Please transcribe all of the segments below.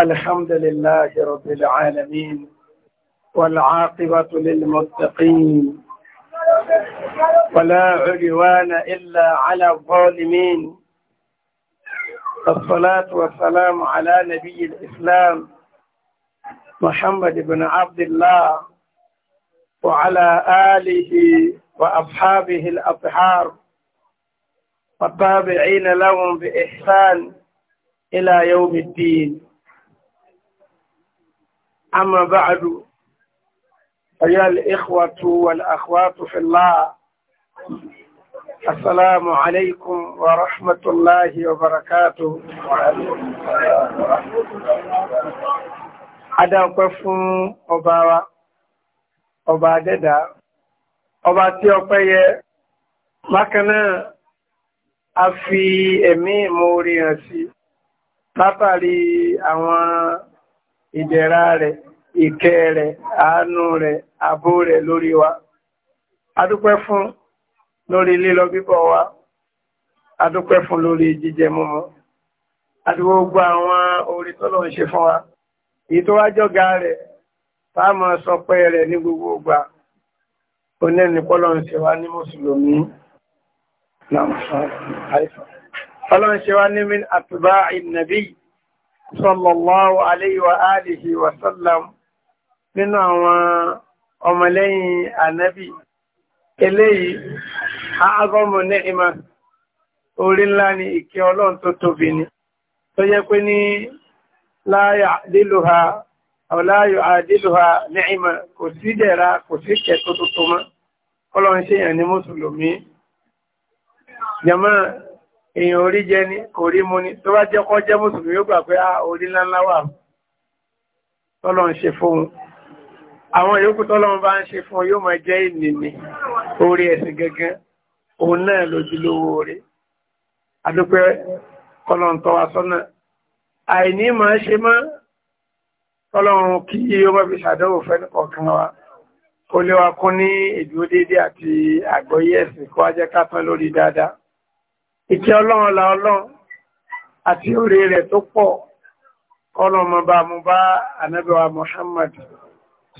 الحمد لله رب العالمين والعاقبة للمتقين ولا عدوان إلا على الظالمين الصلاة والسلام على نبي الإسلام محمد بن عبد الله وعلى آله وأصحابه الأطهار والتابعين لهم بإحسان إلى يوم الدين أما بعد أيها الإخوة والأخوات في الله السلام عليكم ورحمة الله وبركاته Adáǹpẹ́ fún ọba wa, ọba Adẹ́dà, ọba tí ọpẹ́ yẹ, bákanáà a fi ẹ̀mí ìmòrìyàn sí látàrí àwọn ìdẹ̀ra rẹ̀ ìkẹ́ rẹ̀ àánú rẹ̀ àbó rẹ̀ lórí wa adúpẹ́ fún lórí lílọ bíbọ̀ wa adúpẹ́ fún lórí jíjẹ múmu adúgbò gbogbo àwọn orí tọ́lọ̀ ń ṣe fún wa èyí tó wá jọ́gá rẹ̀ táàmù sọpẹ́ rẹ̀ ní gbogbo ìgbà onẹ́ni pọ́lọ̀ ṣe wá ní mùsùlùmí Ọlọ́run ṣe wá ní min ìnàbí yìí sallallahu alayhi wa alihi wa sallam nínú àwọn ọmọlẹ́yìn ànábì eléyìí àágọ́mù ní ìmá orí ńlá ni ìkẹ́ ọlọ́run tó tóbi ni tó yẹ pé ní ní ìmá kò sí dẹ̀ra kò sí kẹ́ tó èèyàn orí jẹ ní kò rí mú ní tó bá jẹ́ kọ́ jẹ́ mùsùlùmí ó gbà pé á ah, orí ńláńlá wà tọ́lọ̀ ń ṣe fóun àwọn yòókù tọ́lọ́run bá ń ṣe fún yóò máa jẹ́ ìnìní orí ẹ̀sìn gangan òun náà lójúlówó orí adúpẹ́ kọlọ̀n tọ́wà sọ́nà wa kó lé wa kún ní ìdúró déédéé àti àgbọ́yé ẹ̀sìn ìkẹ́ ọlọ́run la ọlọ́run àti orí rẹ̀ tó pọ̀ kọ́nà ọmọba mú bá anábẹ́wà Muhammad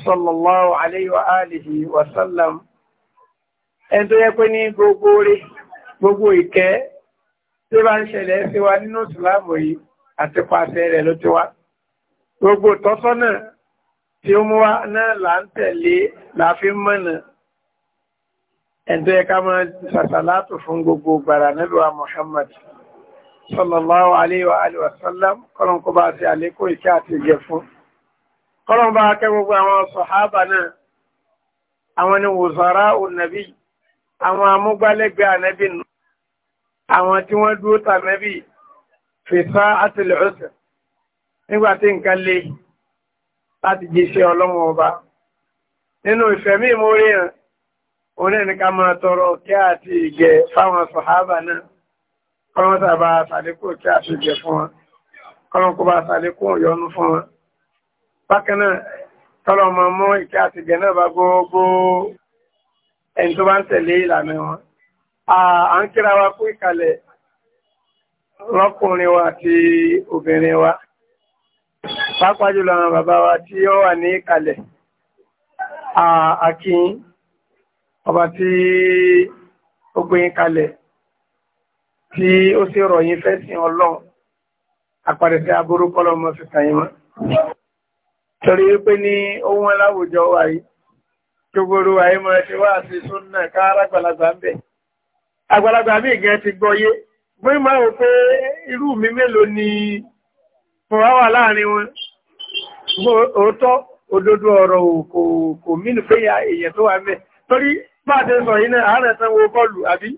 sallallahu alayhi wa alihi wa sallam ẹni tó yẹ pé ní gbogbo orí gbogbo ìkẹ́ tí bá ń ṣẹlẹ̀ sí wa nínú ìsìláàmù yìí àti pàṣẹ rẹ̀ ló ti wá gbogbo tọ́sọ́nà tí ó mú wa náà là ń tẹ̀lé láàfin mọ́nà ẹ̀ntọ́ yẹ ká máa sàṣàlátù fún gbogbo gbàrà nílùú Muhammad sallallahu alayhi wa alihi wa sallam kọ́lọ̀n kó bá ti àlékún ìkẹ́ àti ìjẹ fún kọ́lọ̀n bá kẹ́ gbogbo àwọn sọ̀hábà náà àwọn ni wùsọ̀rá ònàbí àwọn amúgbálẹ́gbẹ̀ẹ́ ànẹ́bì nù àwọn tí wọ́n dúró tànẹ́bì fèsà àtìlẹ̀ ọ̀sẹ̀ nígbàtí nǹkan le láti jíṣẹ́ ọlọ́run ọba nínú ìfẹ̀mí ìmórí onẹ́ni ká máa tọrọ kí àti ìgẹ̀ fáwọn sọ̀hábà náà kọ́lọ́n tàbá sàlékò kí àti ìgẹ̀ fún wọn kọ́lọ́n kó bá sàlékò yọ́nú fún wọn bákan náà tọ́lọ̀ mọ́ mọ́ ìkẹ́ àti ìgẹ̀ náà bá gbogbo ẹni tó bá ń tẹ̀lé ìlànà wọn à ń kíra wa kú ìkàlẹ̀ lọ́kùnrin wa àti obìnrin wa pàápàá jùlọ bàbá wa tí ó wà ní ìkàlẹ̀ àkíyìn ọba tí ó gbé yín kalẹ̀ tí ó sì rọ̀ yín fẹ́ sí ọlọ́run àpàdẹ̀sẹ̀ aburú kọ́lọ̀ mọ́ fi kàn yín mọ́ torí wípé ní ohun aláwùjọ wà yìí gbogbo ayé mọ́ ti wá sí súnnà káàrà àgbàlagbà ń òótọ́ òdodo ọ̀rọ̀ kò mínú pé èèyàn tó wà mẹ́ torí bá ti sọ iná ààrẹ tán wo bọ́ọ̀lù àbí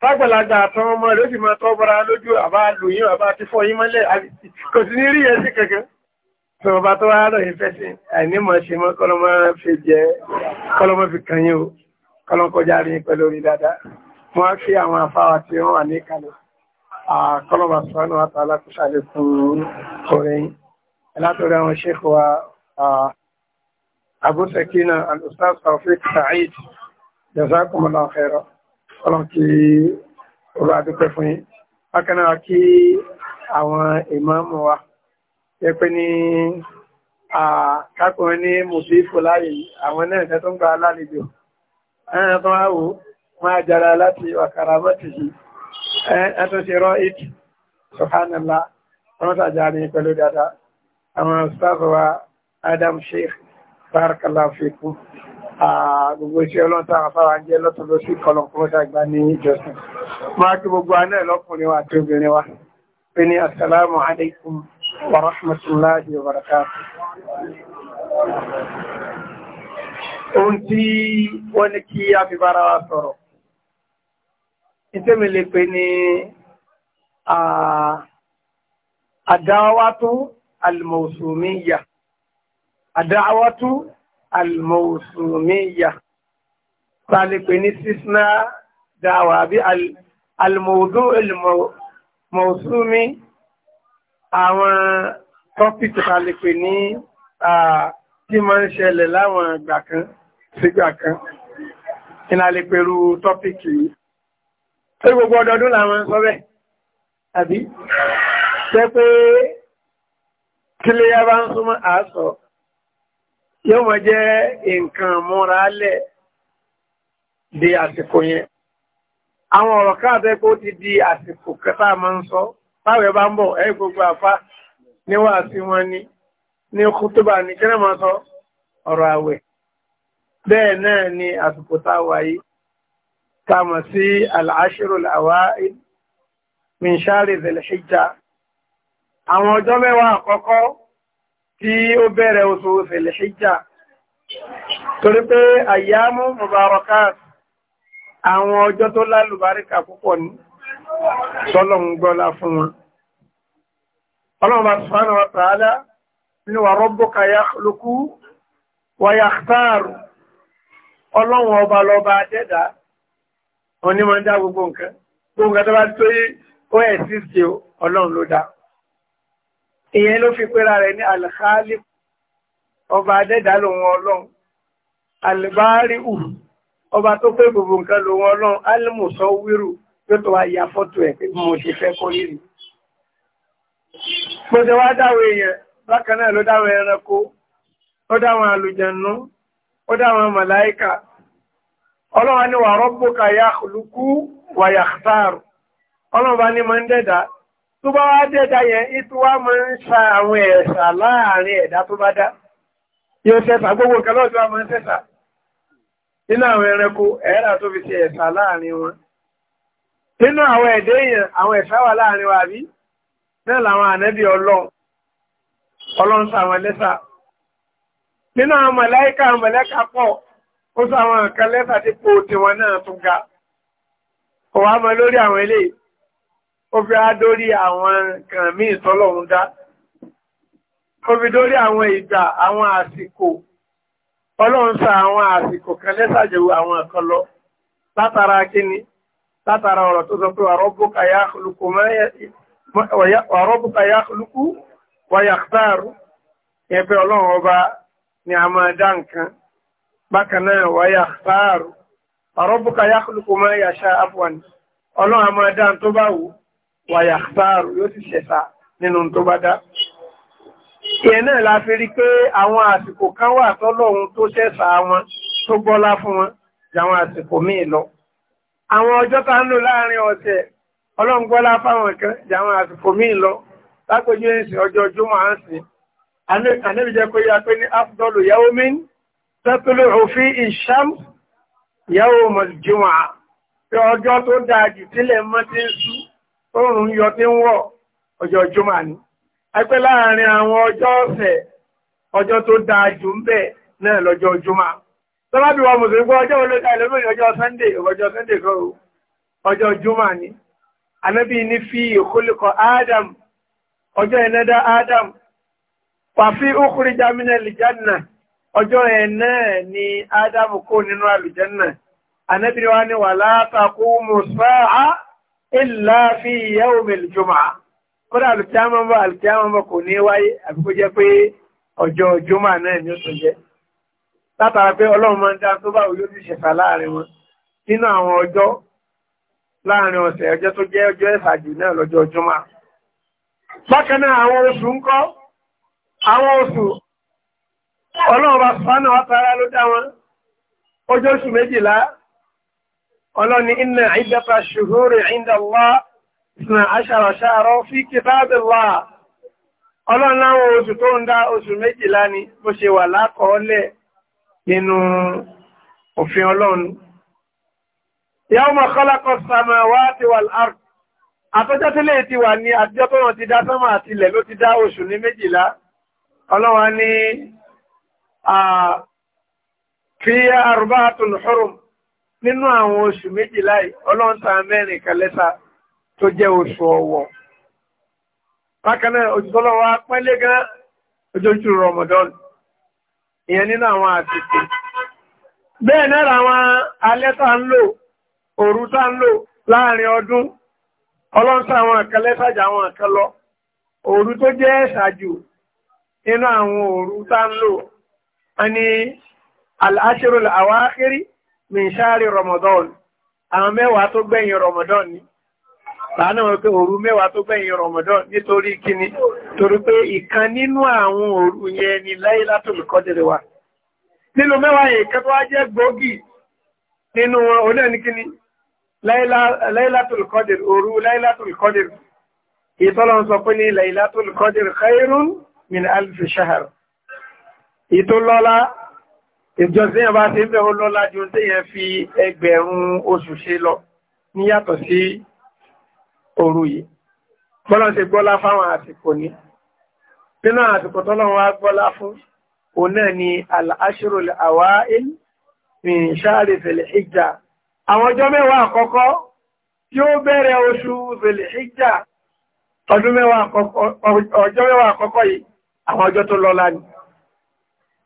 tágbàlagbà àtàn ọmọ rẹ̀ fi máa tọ́bọ̀ra lójú àbá lòyìn àbá ti fọ́ yí mọ́lẹ̀ kò sí ní rí ẹ̀sìn kankan tó ọba tó wá rọ̀ yìí fẹ́sì àìnímọ̀ ṣe mọ́ kọlọmọ fi jẹ kọlọmọ fi kàn yín o kọlọmọkọjá rí pẹ̀lú orí dáadáa mo á fi àwọn afáwa tí wọ́n wà ní kalẹ̀ kọlọmọ sọ́nà àtàlà kò ṣàlékún Abu Sakina al-Ustaz Taufik Sa'id jazakumullahu khairan ọlọ́run kí ọrọ̀ adúpẹ́ fún yín bákan náà kí àwọn ìmáàmù wa yẹ pé a kákùnrin ní mùsùlùmí láàyè àwọn náà tẹ́ tó ń gba alálejò ẹ̀rọ tó wá wò máa jara láti wàkàrà mọ́tì yìí ẹ̀ tó ṣe rọ́ ìtì sọ̀hánàlá wọ́n tàjà ní pẹ̀lú dáadáa àwọn ustaz wa Adam Sheikh barakallahu fikum gbogbo iṣẹ́ ọlọ́ta àfára jẹ́ lọ́tọ̀lọ́ sí kọlọ̀kọ́lọ́ta gbá ní ìjọsìn máa kí gbogbo aná ẹ̀lọ́kùnrin wa àti obìnrin wa pé ní assalamu alaikum wa rahmatullahi wa ohun tí wọ́n ní kí a fi bára wa sọ̀rọ̀ ìtẹ́mi al-mawsumiyya àdáwátú almọ̀sùmíyà sálépé ní sísná dáwà bí almọ̀dún almọ̀sùmí àwọn tọ́pìtì sálépé ní tí ma ń ṣẹlẹ̀ láwọn ìgbà kan sígbà kan ìlàlépẹ̀rú tọ́pìtì yìí tó gbogbo ọdọọdún làwọn sọ bẹ́ẹ̀ àbí tẹ́ pé kílé yá bá ń súnmọ́ àásọ̀ yóò máa jẹ́ nǹkan mọ́ra lẹ̀ di àsìkò yẹn àwọn ọ̀rọ̀ káàtẹ́ kó ti di àsìkò kẹta máa ń sọ táwẹ̀ bá ń bọ̀ ẹ́ gbogbo àfá níwà sí wọn ni ní kútúbà ní kí máa sọ ọ̀rọ̀ àwẹ̀ bẹ́ẹ̀ náà ni àsìkò táwà yìí tàmà sí al-ashru al-awa'il min shari dhil-hijja àwọn ọjọ́ mẹ́wàá àkọ́kọ́ tí ó bẹ̀rẹ̀ oṣù Zilhijja torí pé àyámú mubarakat àwọn ọjọ́ tó lálùbáríkà púpọ̀ ní sọ́lọ̀ngbọ́lá fún wọn ọlọ́mọba subhanahu wa ta'ala ni wa rabbuka yakhluqu wa yakhtaru ọlọ́wọ̀n ọba lọba dẹ́dà wọn ni mọ́ dá gbogbo nǹkan gbogbo nǹkan bá ìyẹn ló fi pera rẹ̀ ní alkhali ọba adẹ́dà lòun ọlọ́run albari'u ọba tó pé gbogbo nǹkan lòun ọlọ́run almusawiru yóò tó wá ya fọ́tò ẹ̀ pé mo ṣe fẹ́ kó rí rí mo wá dáwọ èèyàn bákan náà ló dáwọ ẹranko ó dáwọn wa rabbuka yakhluqu wa yakhtaru ọlọ́run bá ní mọ́ tó bá wá dẹ́dá yẹn ìtú wá mọ́ ń sa àwọn ẹ̀ṣà láàrin ẹ̀dá tó bá dá yóò sẹ́sà gbogbo nǹkan lọ́jọ́ wá mọ́ ń sẹ́sà nínú àwọn ẹranko ẹ̀ẹ́rà tó fi ṣe ẹ̀ṣà láàrin wọn nínú àwọn ẹ̀dẹ́ èèyàn àwọn ẹ̀ṣà wà láàrin wa bí náà làwọn ànẹ́bí ọlọ́run ọlọ́run sàwọn ẹlẹ́sà nínú àwọn mọ̀láíkà mọ̀lẹ́kà pọ̀ ó sàwọn nǹkan lẹ́sà dípò tiwọn náà tún ga kò wá mọ lórí àwọn eléyìí ó fi á dórí àwọn kan míì tọ́lọ́run dá ó fi dórí àwọn ìgbà àwọn àsìkò ọlọ́run sa àwọn àsìkò kan lẹ́sàjẹ̀wò àwọn kan lọ látara kíni látara ọ̀rọ̀ tó sọ pé wàrọ́bùkà yá lukú wàyàktáàrù ẹgbẹ́ ọlọ́run ọba ni a máa dá nǹkan bákan náà wàyàktáàrù wàrọ́bùkà yá lukú máa yàṣá afwan ọlọ́run a máa dá tó bá wù wàyà sáàrù yóò sì ṣẹ̀ṣà nínú tó bá dá. ìyẹn náà la fi rí pé àwọn àsìkò kan wà tọ́lọ́run tó ṣẹ̀ṣà wọn tó gbọ́lá fún wọn jàwọn àsìkò míì lọ. àwọn ọjọ́ tá ń lò láàrin ọ̀sẹ̀ ọlọ́run gbọ́lá fáwọn kan jàwọn àsìkò míì lọ lápẹjú ẹ̀sìn ọjọ́ júmọ̀ à ń sìn. ànábì jẹ́ kó yá pé ní afdọ́lù yawmin tẹ́tùlù òfin ìṣàm yawmul jumu'a pé ọjọ́ tó dáa jù tílẹ̀ mọ́ ti ń sùn oòrùn yọ tí ń wọ̀ ọjọ́ jùmọ̀ ni ẹgbẹ́ láàrin àwọn ọjọ́ ọ̀sẹ̀ ọjọ́ tó dáa jù ń bẹ̀ náà lọ́jọ́ jùmọ̀ tọ́lábí wa mùsùlùmí gbọ́ ọjọ́ olóta ìlúmìnì ọjọ́ sunday ọjọ́ sunday kọ́ ọjọ́ jùmọ̀ ni anábì ní fi ìkólẹ́kọ̀ adam ọjọ́ ẹ̀nẹ́dá adam wàfí ukuri jamina lìjánà ọjọ́ ẹ̀ ni adam kó nínú àlùjánà anábì wa ni wà látàkú mùsáà ìlà fi yawm al-jum'a kódà alùtíámọ́bà alùtíámọ́bà kò ní wáyé àbí kó jẹ́ pé ọjọ́ jùmọ̀ náà ni ó tún jẹ́ látara pé ọlọ́run máa ń dá tó bá òyó ti ṣẹ̀fà láàrin wọn nínú àwọn ọjọ́ láàrin ọ̀sẹ̀ ọjọ́ tó jẹ́ ọjọ́ ẹ̀fàjì náà lọ́jọ́ jùmọ̀ bákan náà àwọn oṣù ń kọ́ àwọn oṣù ọlọ́run bá sọ́nà wá tara ló dá wọn ọjọ́ oṣù méjìlá ọlọ́ni iná ìdẹ́ta ṣùgbọ́n ìdá Allah ìsìnà aṣàràṣàrọ fi kìtàbílá ọlọ́run láwọn oṣù tó ń dá oṣù méjìlá ni bó ṣe wà lákọọ́lẹ̀ nínú òfin ọlọ́run yawma khalaqa samawati wal ard àtọ́jọ́ tí lè ti wà ní àtijọ́ tó wọ́n ti dá sánmà nínú àwọn oṣù méjìlá ọlọ́ǹta mẹ́rin kan tó jẹ́ oṣù ọ̀wọ̀ bákan náà òjìṣọ́lọ́wọ́ apẹ́lẹ́ gan ojoojú Ramadan ìyẹn nínú àwọn àsìkò bẹ́ẹ̀ náà àwọn alẹ́ tá ń lò òru tá ń lò láàrin ọdún ọlọ́ǹta àwọn kan lẹ́sàjà àwọn kan òru tó jẹ́ ṣàjù nínú àwọn òru ta ń lò a ní al-ashrul awakhiri mìíṣáàrí Ramadan àwọn mẹ́wàá tó gbẹ̀yìn Ramadan ni bàánà wọn pé òru mẹ́wàá tó gbẹ̀yìn Ramadan nítorí kíni torí pé ìkan nínú àwọn òru yẹn ni Laylatul Qadr wa nínú mẹ́wàá yẹn kan tó wá jẹ́ gbòógì nínú wọn onáà ní kíni Laylatul Qadr òru khairun min alf shahr ìtọ́lọ́lá ìjọsìn yẹn bá ti ń bẹ̀ ó lọ́lá ju tí yẹn fi ẹgbẹ̀rún oṣù ṣe lọ ní yàtọ̀ sí òru yìí bọ́lá ṣe gbọ́lá fáwọn àsìkò ní nínú àsìkò tọ́lọ́run wá gbọ́lá fún òun náà ni al-ashru al-awa'il min shahri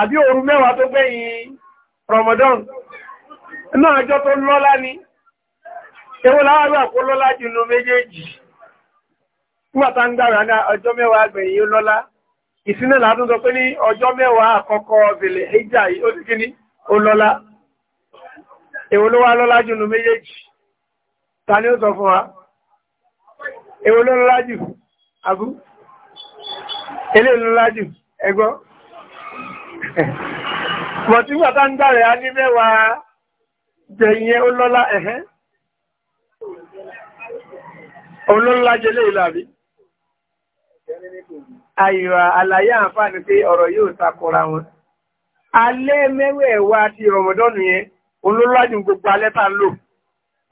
àbí òru mẹ́wàá tó gbẹ̀yìn Ramadan náà àjọ tó lọ́lá ní ewó láwárí àpò lọ́lá jù lọ méjèèjì ń dára ní ọjọ́ mẹ́wàá gbẹ̀yìn lọ́lá ìsinà látún pé ní ọjọ́ mẹ́wàá àkọ́kọ́ bèlè ó bọ̀tí bàtà ń dàrẹ̀ á ní mẹ́wàá jẹ̀yìn ó ẹ̀hẹ́ olóńlá jẹlé ìlàbí àyíwà àlàyé àǹfààní pé ọ̀rọ̀ yóò takọra wọn alẹ́ mẹ́wẹ̀ẹ̀wá ti rọmọdọ́nù yẹn jù gbogbo alẹ́ lò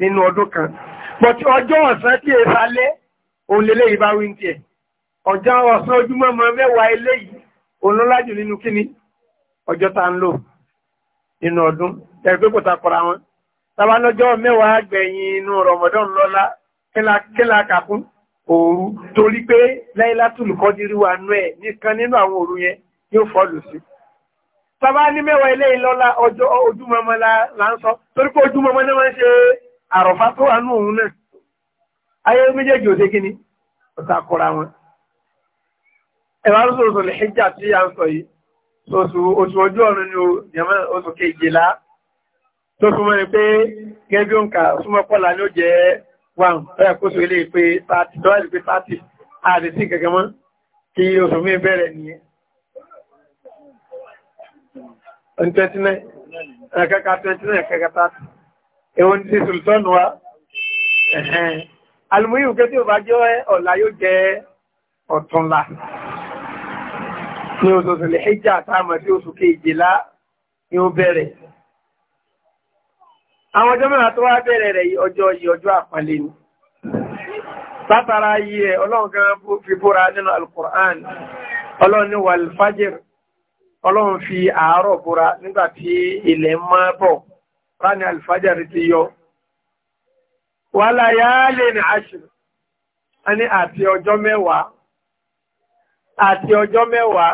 nínú ọdún kan ọjọ́ ọ̀sán ìbáwí ń ọjọ́ ọ̀sán ojúmọ́ mọ́ mẹ́wàá nínú ọjọ́ tá ń lò nínú ọdún ẹ̀rí pé kò takọra wọn tàbá lọ́jọ́ mẹ́wàá gbẹ̀yìn inú rọmọdán lọ́lá kílá kàkún òru torí pé láìlátùlù kọ́dírí wà nú ẹ̀ nìkan nínú àwọn òru yẹn yóò fọ́lù sí tàbá ní mẹ́wàá ilé ìlọ́lá ọjọ́ ojúmọmọ la ń sọ torí pé ojúmọmọ náà ń ṣe àrọ̀fá tó wà nú òun náà ayé méjèèjì òde kíni ọ̀tà kọra wọn ẹ̀rọ arúgbó sọ̀rọ̀ hijab tí a ń sọ yìí oṣù ọjọ́ ọ̀run ni oṣù kejìlá tó súnmọ́ ni pé gẹ́gẹ́ òǹkà súnmọ́ pọ́lá ní ó jẹ́ wọ́n ẹ̀yà kó sọ ilé pé 30 dọ́wàlì pé 30 àdìsí gẹ́gẹ́ mọ́ kí oṣù mí bẹ̀rẹ̀ ní ẹ̀ 29 ẹ̀kẹ́kà 29 ẹ̀kẹ́kà 30 wa alùmúyìn kẹ́ tí ò bá jẹ́ ọ̀la ní oṣù sílẹ̀ ìjà táàmà tí oṣù kejìlá ni ó bẹ̀rẹ̀. Àwọn ọjọ́ mẹ́rin tó wá bẹ̀rẹ̀ rẹ̀ ọjọ́ yìí ọjọ́ àpàlẹ̀ ni. Látara yìí ẹ̀ ọlọ́run gan fi búra nínú Al-Qur'an, ọlọ́run ní wal fajr, ọlọ́run fi àárọ̀ àti ọjọ́ mẹ́wàá,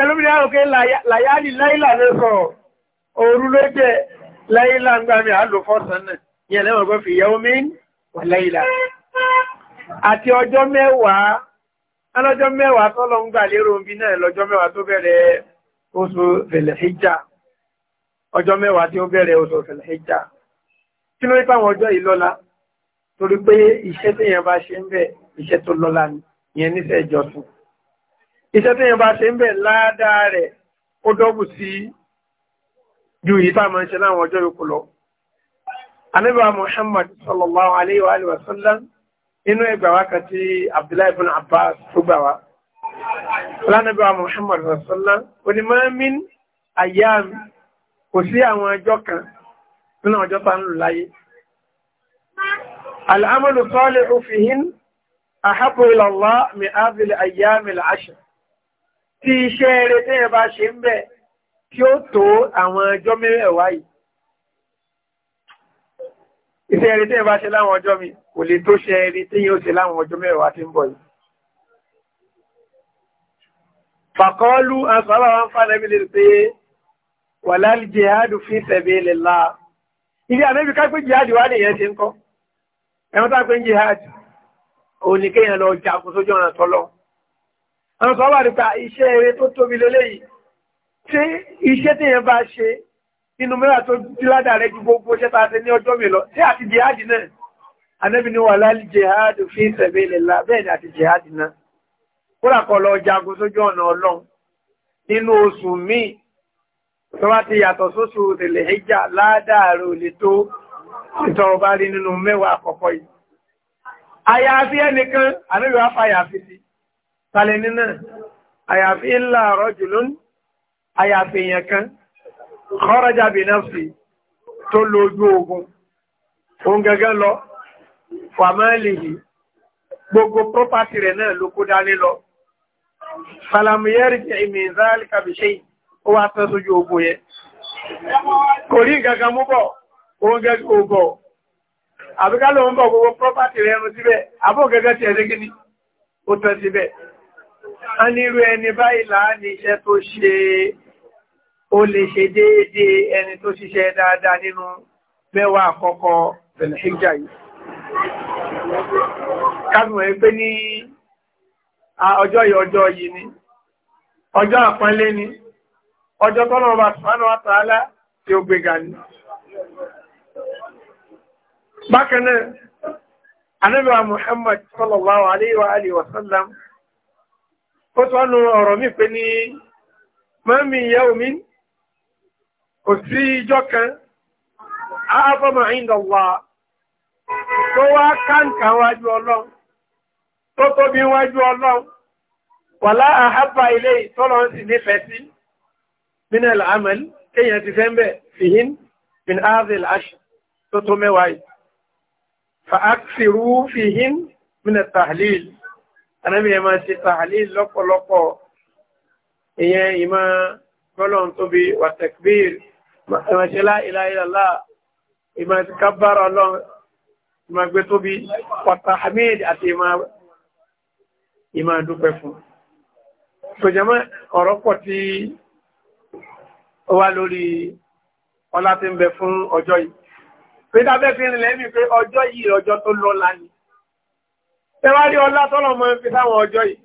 ẹlòmíì á rò pé làyálì láìlà ló sọ òru ló jẹ láìlà ń gbà mí àlò fọ́sàn náà yẹn lẹ́wọ̀n gbọ́ fi yẹ́wó mi wà láìlà àti ọjọ́ mẹ́wàá alọ́jọ́ mẹ́wàá tọ́lọ ń gbà lérò bí náà lọ́jọ́ mẹ́wàá tó bẹ̀rẹ̀ oṣù fẹ̀lẹ̀híjà ọjọ́ mẹ́wàá tí ó bẹ̀rẹ̀ oṣù fẹ̀lẹ̀híjà kí ló nípa àwọn ọjọ́ yìí lọ́lá torí pé iṣẹ́ tí bá ṣe ń bẹ̀ iṣẹ́ tó lọ́lá ni yẹn nífẹ̀ẹ́ ìjọsìn iṣẹ́ tí yẹn bá ṣe ń bẹ̀ ládàá rẹ̀ ó dọ́bù sí ju èyí tá máa ń ṣe láwọn ọjọ́ yòókù lọ anábà Muhammad sallallahu alayhi wa alihi wa sallam inú ẹgbà kan tí Abdullahi ibn Abbas tó gbà wá lánàbà Muhammad sallallahu alayhi wa sallam onímọ̀mín ayyam kò sí àwọn ọjọ́ kan nínú ọjọ́ tá ń lò láyé al-amalu salihu fihin ahabbu ila Allah ayyam al-ashr tí iṣẹ́ eré tẹ́yẹ̀ bá ṣe ń bẹ̀ kí ó tó àwọn ọjọ́ mẹ́wàá yìí iṣẹ́ eré tẹ́yẹ̀ bá ṣe láwọn ọjọ́ mi kò lè tó ṣe eré tẹ́yẹ̀ ó ṣe láwọn ọjọ́ mẹ́wàá tí ń bọ̀ yìí fàkọ́ọ́lù asọ́lá wọn jihadu fi sabilillah ilé àmẹ́bí ká pé jihadu wá nìyẹn ti ń kọ́ jihadu òun ni kéèyàn lọ jagun àwọn kan wà nípa iṣẹ́ eré tó tóbi lélẹ́yìí tí iṣẹ́ tí yẹn bá ṣe inú mẹ́wàá tó díládà rẹ̀ ju gbogbo ṣẹ́ ta ṣe ní ọjọ́ mi lọ tí àti jihadi náà anẹ́bí ni wà láàrín jihadi fi sabilillah bẹ́ẹ̀ ni àti jihadi náà kúràkọ̀ lọ jagun sójú ọ̀nà ọlọ́run nínú oṣù míì tó bá ti yàtọ̀ sóṣù tẹ̀lẹ̀ ẹjà ládàárò lè tó ìtọ̀ rí nínú mẹ́wàá àkọ́kọ́ yìí tàlẹ̀ nínà àyàfi illa rajulun àyàfi èèyàn kan kharaja bi nafsi tó lójú ogun òun gẹ́gẹ́ lọ fàmẹ́lìhì gbogbo pọ́pátì rẹ̀ náà ló kó dání lọ falamiyari ìmì ìzáàlì kàbíṣẹ́ ó wá tán sójú ogun yẹ kò rí gẹ́gẹ́ àbíkálò ń bọ̀ gbogbo pọ́pátì rẹ̀ ẹnu síbẹ̀ àbó ti ẹ̀ a nírú ẹni báyìí láà ní iṣẹ́ tó ṣe ó lè ṣe déédéé ẹni tó ṣiṣẹ́ dáadáa nínú mẹ́wàá àkọ́kọ́ Zulhijja yìí kágbọ̀n ẹgbẹ́ ní ọjọ́ yìí ọjọ́ yìí ni ọjọ́ àpọ́nlé ni ọjọ́ tọ́lọ̀ ọba Subhanahu wa Ta'ala tí ó gbéga ní bákan náà Muhammad sallallahu alaihi wa alihi wa sallam ó tún wánú ọ̀rọ̀ mi pé ní mọ́mí ìyá omi kò sí ijọ́ kan ààbọ̀mọ̀ ìdọ̀wà tó wá káǹkà wájú ọlọ́run tó tóbi wájú ọlọ́run wà láàábà ilé ìtọ́lọ̀ sí nífẹ̀ẹ́ sí minel amel kéyàn ti fẹ́ mẹ́ fìhín bin azil ash tó tó mẹ́wàá yìí fa aksiru fìhín minel tahlil anábì yẹn máa ṣe tahlil lọ́pọ̀lọpọ̀ ìyẹn ìmọ̀ bọ́lọ̀ tóbi wà takbir ìmọ̀ ṣe la ilaha illallah ìmọ̀ kábàárà ọlọ́run ìmọ̀ gbé tóbi wa tahmid àti ìmọ̀ dúpẹ́ fún. tòjàmọ́ ọ̀rọ̀ pọ̀ tí ó wá lórí ọlá tí ń bẹ fún ọjọ́ yìí tẹwárí ọlá tọ́lọ̀ mọ́ fi sáwọn ọjọ́ yìí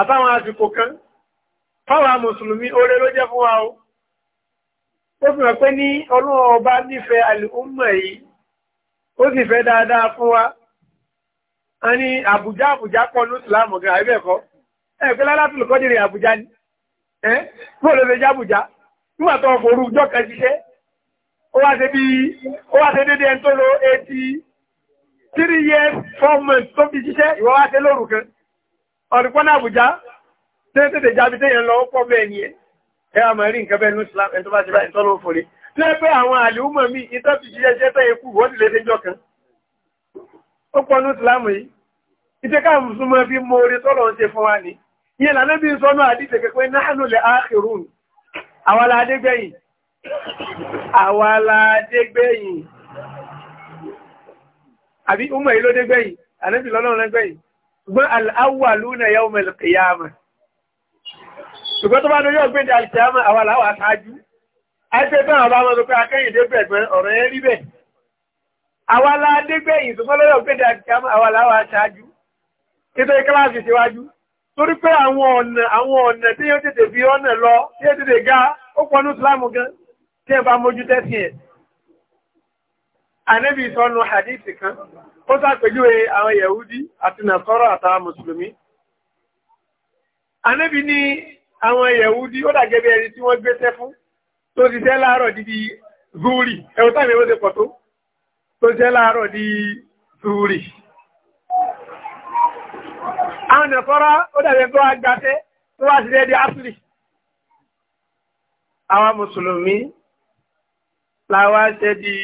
àtàwọn àsìkò kan fáwà mùsùlùmí oore ló jẹ́ fún wa o ó fi hàn pé ní ọlọ́run ọba nífẹ̀ẹ́ àlùmọ̀ yìí ó sì fẹ́ dáadáa fún wa a ní àbújá àbújá pọ̀ ní ni ẹ́ fún olóòfẹ́ jábùjá nígbà tó ọkọ̀ orú ọjọ́ kan ṣiṣẹ́ ó wá ṣe déédéé three years four months tó fi ṣiṣẹ́ ìwọ wá tẹ́ lóru kan ọ̀rùpọ́n àbújá tẹ́tẹ́tẹ́ jábí tẹ́yẹn lọ pọ́ bẹ́ẹ̀ ni ẹ a mọ̀ rí nǹkan bẹ́ẹ̀ lóṣìlá ẹ̀ tó bá ti bá ìtọ́lọ́ òfòrè tẹ́ pé àwọn àlùmọ̀ mi ìtọ́ fi ṣiṣẹ́ ṣẹ́ tẹ́ ikú wọ́n ti lè déjọ́ kan ó pọ́ lóṣìlámù yìí ìtẹ́ ká mùsùlùmọ́ bí mo rí tọ́lọ̀ ń ṣe fún wa ni ìyẹn lànà bí sọ́nà àdìsẹ̀ pé nahnu lil akhirun àwa la dé gbẹ̀yìn àwa àbí ọmọ yìí ló dé gbẹ̀yìn ànábì lọ́lọ́run ló gbẹ̀yìn ṣùgbọ́n al-awwaluna yawm al-qiyamah ṣùgbọ́n tó bá dojú ọ̀gbìn dà al-qiyamah àwọn aláwọ̀ aṣáájú àti àwọn ọmọ ọdún pé akẹ́yìn dé bẹ̀gbẹ́ Ànábì sọ́nu hadith kan, ó sàpèjúwe àwọn Yahudi àti Nàsọ́rọ̀ àtàwọn Mùsùlùmí. Ànábì ní àwọn Yahudi ó dàgẹ́bẹ̀ ẹni tí wọ́n gbéṣẹ́ fún tó ti tẹ́ láàárọ̀ dídí zúúrì, ẹ̀wọ̀n táàmì ó ti pọ̀ tó, tó ti tẹ́ láàárọ̀ di zúúrì. Àwọn Mùsùlùmí làwọn ṣe di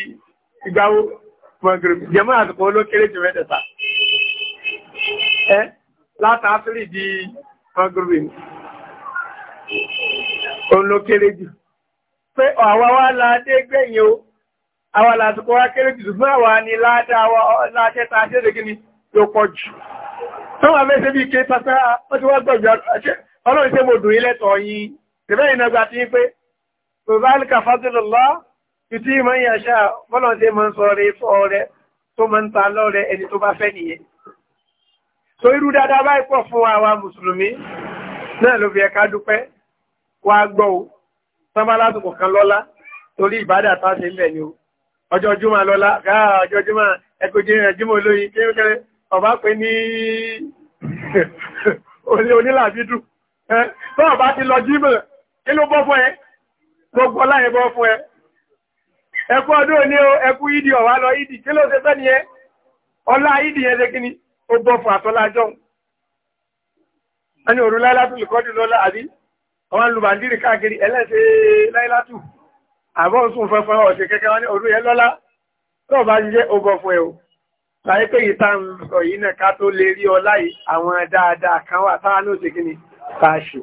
ìgbàwó mọ̀gìrìbì jẹmọ́ àtùkọ́ olókéré jù mẹ́tẹ̀ta ẹ́ látàáfírí di mọ̀gìrìbì olókéré jù pé àwa wá ládé gbẹ̀yìn o àwa làtùkọ́ wá kéré jù ṣùgbọ́n àwa ni pọ̀ jù bí ké pátá ó ti ọlọ́run ìtí ìmọ̀ yà ṣá bọ́lọ̀ tí mọ̀ ń sọ rẹ̀ fọ́ rẹ̀ tó mọ̀ ń ta lọ́rẹ̀ ẹni tó bá fẹ́ nìyẹn so irú dáadáa báyìí pọ̀ fún àwa mùsùlùmí náà ló fi ẹ̀ka dúpẹ́ wá gbọ́ o sábà látòkò kan lọ́lá torí ìbádà tá a ṣe ń bẹ̀ ni o ọjọ́ júmọ̀ lọ́lá gáà ọjọ́ júmọ̀ ẹgbẹ̀jẹ̀ ẹ̀júmọ̀ olóyin kékeré ọba pé ní onílàbídù tó ọba ti lọ jímọ̀ kí ló bọ́ fún ẹ gbogbo ọlá bọ́ fún ẹ ẹkú ọdún òní o ẹkú ìdí ọ̀wá lọ ìdí kí ló ṣe fẹ́ ni ẹ ọlá ìdí yẹn ṣe ni ó bọ́ fún àtọ́lájọ́ wọn ni òru láìlátù lùkọ́dù lọ́lá àbí wọn lu bàndírì káàkiri ẹlẹ́sẹ̀ láìlátù àbọ̀ sùn fẹ́fẹ́ ọ̀sẹ̀ kẹ́kẹ́ wọn ni òru yẹn lọ́lá tó bá ń jẹ́ ó bọ́ fún ẹ o láyé pé yìí tá ń sọ yìí náà ká tó lè rí ọlá yìí àwọn dáadáa kan wà táwọn náà ṣe kí ni káàṣì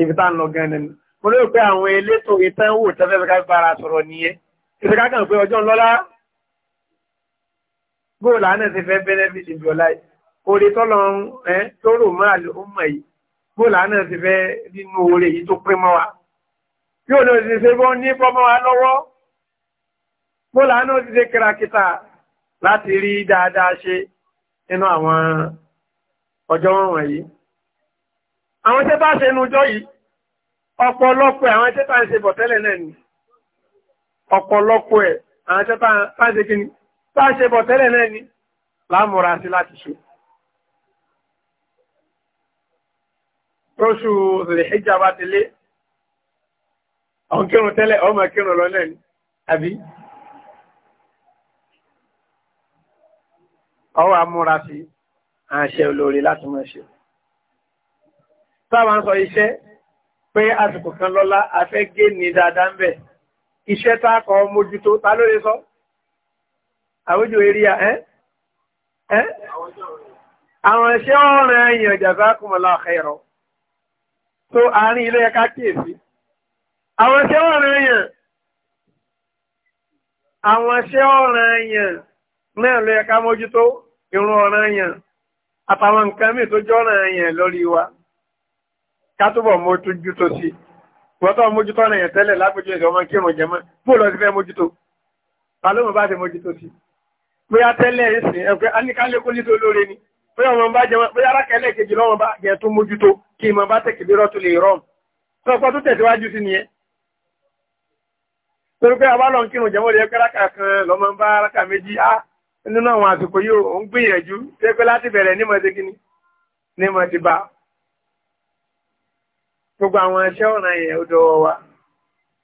ibi tá ń lọ gan-an mo lérò pé àwọn elétò ìtẹ́wò tẹ́fẹ́ ká bára sọ̀rọ̀ nìyẹn ìṣẹ́ká kàn pé ọjọ́ ńlọ́lá góòlù àánà ti fẹ́ benefit ibi ọ̀la yìí oore tọ́lọ ẹ tó rò mọ́ àlùmọ̀ yìí góòlù àánà ti fẹ́ nínú oore yìí tó pín mọ́ wa yóò náà ti ṣe bọ́ ní bọ́ mọ́ wa lọ́wọ́ góòlù àánà ti ṣe kìràkìtà láti rí dáadáa ṣe nínú àwọn ọjọ́ wọ̀nyí àwọn tẹ́ bá ṣe nujọ́ yìí ọ̀pọ̀lọpọ̀ àwọn tẹ́ ń ṣe bọ̀ tẹ́lẹ̀ náà nìyí ọ̀pọ̀lọpọ̀ ẹ̀ àwọn tẹ́ bá ṣe kí ni bá ṣe bọ̀ tẹ́lẹ̀ náà ni láàmúra sí láti ṣe tóṣù Zul-Hijja bá ti lé ọ̀n kírun tẹ́lẹ̀ ọmọ kírun lọ náà ni àbí ọwọ́ amúra sí àṣẹ olóore láti mọ̀ ṣe sáwọn sọ iṣẹ́ pé àsìkò kan lọ́lá afẹ́ gé ní dáadáa ń bẹ̀ẹ́ iṣẹ́ tá a kọ mójútó ta ló lè sọ àwùjọ eria ẹ́ ẹ́ àwọn iṣẹ́ ọ̀rẹ́ èèyàn jazakumullahu khairan tó àárín ilé ẹ̀ka kíyèsí àwọn iṣẹ́ ọ̀rẹ́ èèyàn àwọn iṣẹ́ ọ̀rẹ́ èèyàn náà ló yẹ ká mójútó irun ọ̀rẹ́ èèyàn àtàwọn nǹkan mìí tó jọ́ràn èèyàn lórí wa ká túbọ̀ mójútó sí i wọ́tọ́ mójútó ọ̀nà èèyàn tẹ́lẹ̀ lápójú ẹ̀gọ́ ọmọ kírun jẹmọ́ bó lọ sí fẹ́ mójútó alóòmù bá ti mójútó sí bóyá tẹ́lẹ̀ ẹ̀sìn ẹ̀kọ́ aníkálẹ́kó ní tó ni bóyá ọmọ bá jẹmọ́ bóyá arákẹ́lẹ̀ kejì lọ́wọ́ bá jẹ tó mójútó kí ìmọ̀ bá tẹ̀kì bí rọ́tù lè rọ́m tọ́pọ́ tó tẹ̀síwájú sí nìyẹn torí pé abá lọ ń kírun jẹmọ́ lẹ́yẹ kẹ́ráka kan lọ́mọ bá ráka méjì á nínú àwọn àsìkò yìí gbogbo àwọn iṣẹ́ ọ̀nà yẹn ó dọ̀wọ́ wa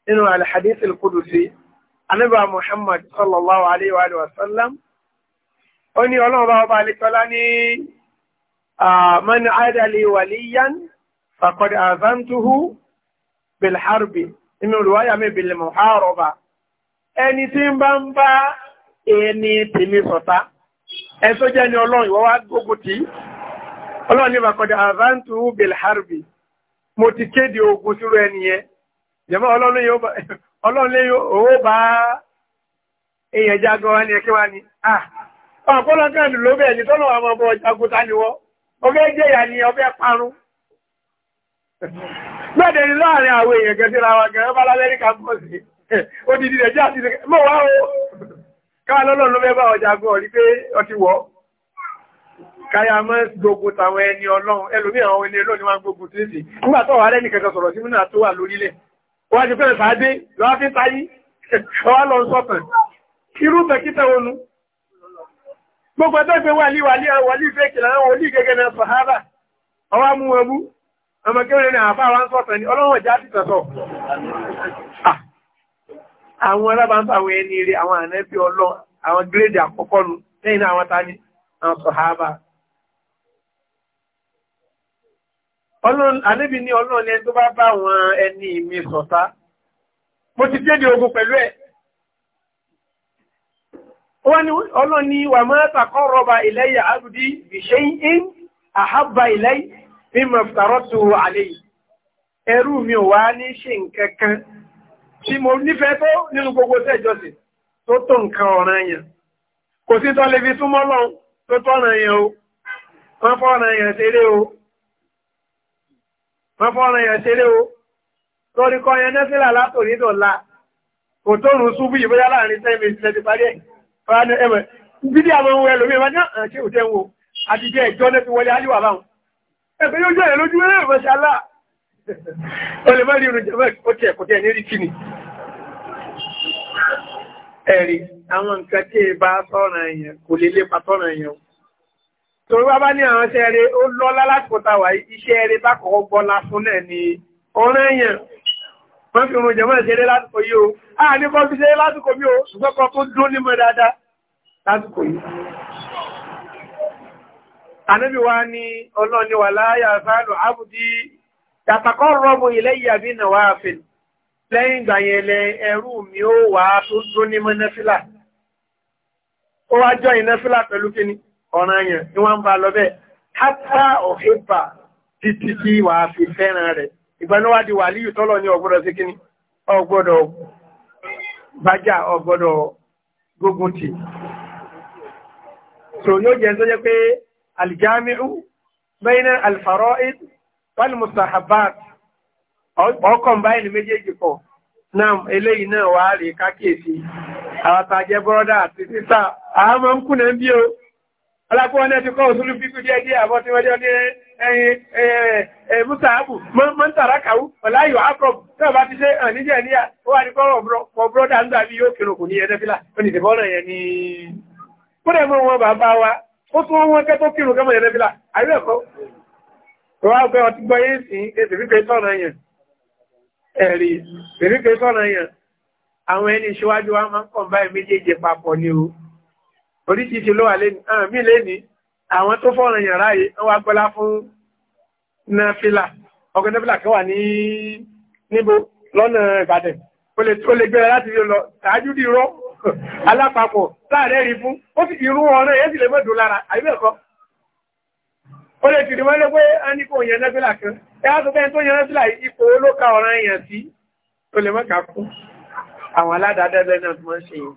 nínú alhadith al-qudusi anábà muhammad sallallahu alayhi wa sallam ó ní ọlọ́run bá ọba alẹ́tọ́lá ní man adali waliyan faqad azantuhu bilharbi inú olùwáyà mi bil muharaba ẹni tí ń bá ń bá ẹni tèmi ṣọ̀tá ẹ jẹ́ ni ọlọ́run ìwọ́wá gbógun tì ọlọ́run ní faqad azantuhu bilharbi mo ti kéde ogun sírò ẹniyẹn jẹmọ́ ọlọ́lẹ́yìn owó bá èèyàn jagun wá ní ẹkẹ́ wá ní ọ̀pọ̀lọ́kàn ló ní jagun ni ọgbẹ́ jẹ́ ni ọgbẹ́ parun gbẹ́dẹ̀ ni láàrin èèyàn wa gẹ̀ẹ́ bá káyà mọ́ gbogbo tàwọn ẹni ọlọ́run ẹlòmí àwọn ilé lónìí wọ́n gbogbo tí sí nígbà tó wà rẹ̀ nìkẹ́kẹ́ sọ̀rọ̀ sí múnà tó wà lórílẹ̀ wọ́n ti fẹ́rẹ̀ sáadé lọ́wọ́ fi táyí ọwá lọ sọ́tàn irúfẹ́ kíta onú gbogbo ẹgbẹ́ wàlí wàlí wàlí fẹ́kì láwọn olí gẹ́gẹ́ na sahara ọwá mú wọn bú ọmọ kéwọ́n ní àfá wa ń sọ́tàn ní ọlọ́run ọjà ti tẹ̀tọ̀ ah. àwọn alábàntà àníbi ní ọlọ́run ẹni tó bá bá wọn ẹni mi ṣọ̀tá mo ti dédé ogun pẹ̀lú ẹ̀ ọlọ́run ni wà mọ́ taqarraba ilayya abdi bi shay'in ahabba ilayya mimma aftaratuhu alayhi ẹrú mi ò wá ní ṣe wọ́n fọ́nà yẹn ṣeré o torí kọ́ yẹn nẹ́fílà látòrí dọ̀la kò tó rùn súbú yìí bóyá láàrin sẹ́mi ìsìnlẹ̀ ti parí ẹ̀ fọ́nà ẹ̀mẹ̀ bídí àwọn ohun ẹlòmí ẹ̀mọ́ náà ṣe òjẹ́ wo àti jẹ́ ìjọ ní fi wọlé áyíwà báwọn ẹ̀fẹ́ yóò jẹ́ ìlójú ẹ̀rẹ́ ìfẹ́ṣálá olùmọ́rí irun jẹ́ mẹ́rin ó tiẹ̀ kò tiẹ̀ ní rí kíni ẹ̀rí àwọn nǹkan tí ì bá sọ́ràn èèyàn kò lè lépa sọ́ràn èèyàn torí wá bá ní àwọn iṣẹ́ rẹ̀ ó lọ́lá lásìkò tàwà iṣẹ́ rẹ̀ bá kọ̀ọ́ gbọ́lá fún náà ni ọ̀rẹ́ èèyàn wọ́n fi rùn jẹ̀mọ́ ìṣeré lásìkò yìí o a ní kọ́ fi ṣeré lásìkò bí o ṣùgbọ́n kan tó dún nímọ̀ dáadáa lásìkò yìí anábì wa ni ọlọ́ni wà láyà fáàlù ábùdí yàtàkọ́ rọ́bù ilẹ̀ ìyàbí nà wá àfin lẹ́yìn ìgbà yẹn lẹ ẹrú mi ó wá jọ ìnẹ́fìlà pẹ̀lú kíní ọ̀ràn yẹn ni wọ́n ń bá lọ bẹ́ẹ̀ hátà òhìbà títí tí wà á fi fẹ́ràn rẹ̀ ìgbaníwádìí wà líyù tọ́lọ̀ ní ọgbọ́dọ̀ sí kíní ọgbọ́dọ̀ bájà ọgbọ́dọ̀ gógún tì so yóò jẹ́ tó jẹ́ pé aljamiu bayna alfara'id wal mustahabbat ọkọ̀ báyìí méjèèjì pọ̀ náà eléyìí náà wà á rí kákèsí àwọn tàjẹ́ bọ́rọ́dà àti sísà àmọ́ ń kùnà bí o alákùnrin ẹ̀tí kọ́ òsúlù fíkú díẹ̀ díẹ̀ àbọ́ tí wọ́n jẹ́ ní ẹ̀yìn mùsàábù mọ́ntàrà kàwú ọ̀láyọ̀ akọ̀b tí wọ́n bá ti ṣe àníjẹ́ ní ó wà ní kọ́rọ̀ bọ́ọ̀dá ń dàbí yóò kèrò kò ní ẹ̀dẹ́ fílà ó ní ni kúrẹ̀ mọ́ wọn bàbá wa ó tún wọn kẹ́ tó kírun kẹ́mọ̀ ẹ̀dẹ́ fílà àríwẹ̀ kọ́ wọ́n oríṣiríṣi ló wà mí lé ní àwọn tó fọ́ràn yàrá yìí wá gbọ́lá fún náfílà ọkọ̀ náfílà kan wà ní níbo lọ́nà Ìbàdàn ó lè gbẹ́ra láti lọ tààjú dìrọ́ alápapọ̀ láàrẹ́ rí fún ó sì irú ọ̀rẹ́ yẹ́ sì lè mọ́dún lára àìbẹ̀kọ́ ó lè tìrì wọ́n lé pé a ní kò yẹn náfílà kan ẹ̀ á sọ bẹ́ẹ̀ tó yẹn náfílà ipò olóka ọ̀ràn èèyàn sí tó lè mọ́ka kú àwọn aládàádẹ́gbẹ́ náà tó mọ́ ṣe yìí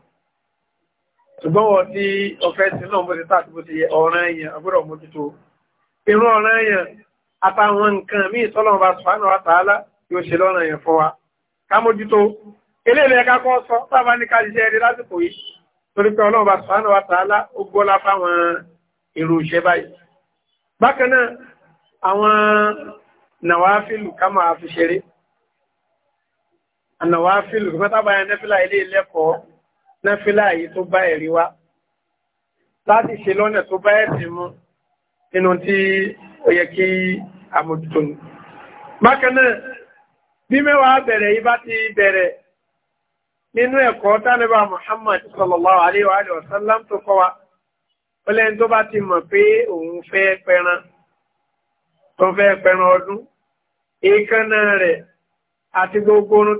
ṣùgbọ́n wọ́n tí ọ̀fẹ́ sí náà bó ti tàbí bó ti yẹ ọ̀ràn èèyàn agbọ́dọ̀ mójútó irun ọ̀ràn èèyàn àtàwọn nǹkan míì tọ́lọ́run bá subhanahu wa ta'ala yóò ṣe lọ́nà èèyàn fún wa ká mójútó eléèlé ẹ̀ka kọ́ sọ sábà ní ká ṣiṣẹ́ lásìkò yìí torí pé ọlọ́run bá subhanahu ó gbọ́lá fáwọn èrò iṣẹ́ báyìí bákan náà àwọn nàwáfílù ká máa fi ṣeré ànàwáfílù kí wọ́n tábà yẹn nẹ́fìlà ilé ilẹ́kọ̀ọ́ náfílà yìí tó bá ẹ̀rí wá láti ṣe lọ́nà tó bá ẹ̀sìn mú nínú tí ó yẹ kí àmójútó ní. bákan bí mẹ́wàá bẹ̀rẹ̀ yìí bá ti bẹ̀rẹ̀ nínú ẹ̀kọ́ tánibà Muhammad sallallahu alaihi wa sallam tó kọ́ wa ó lẹ́ni tó bá ti mọ̀ pé òun fẹ́ pẹran tó fẹ́ pẹran ọdún èékánná rẹ̀ àti gbogbo orun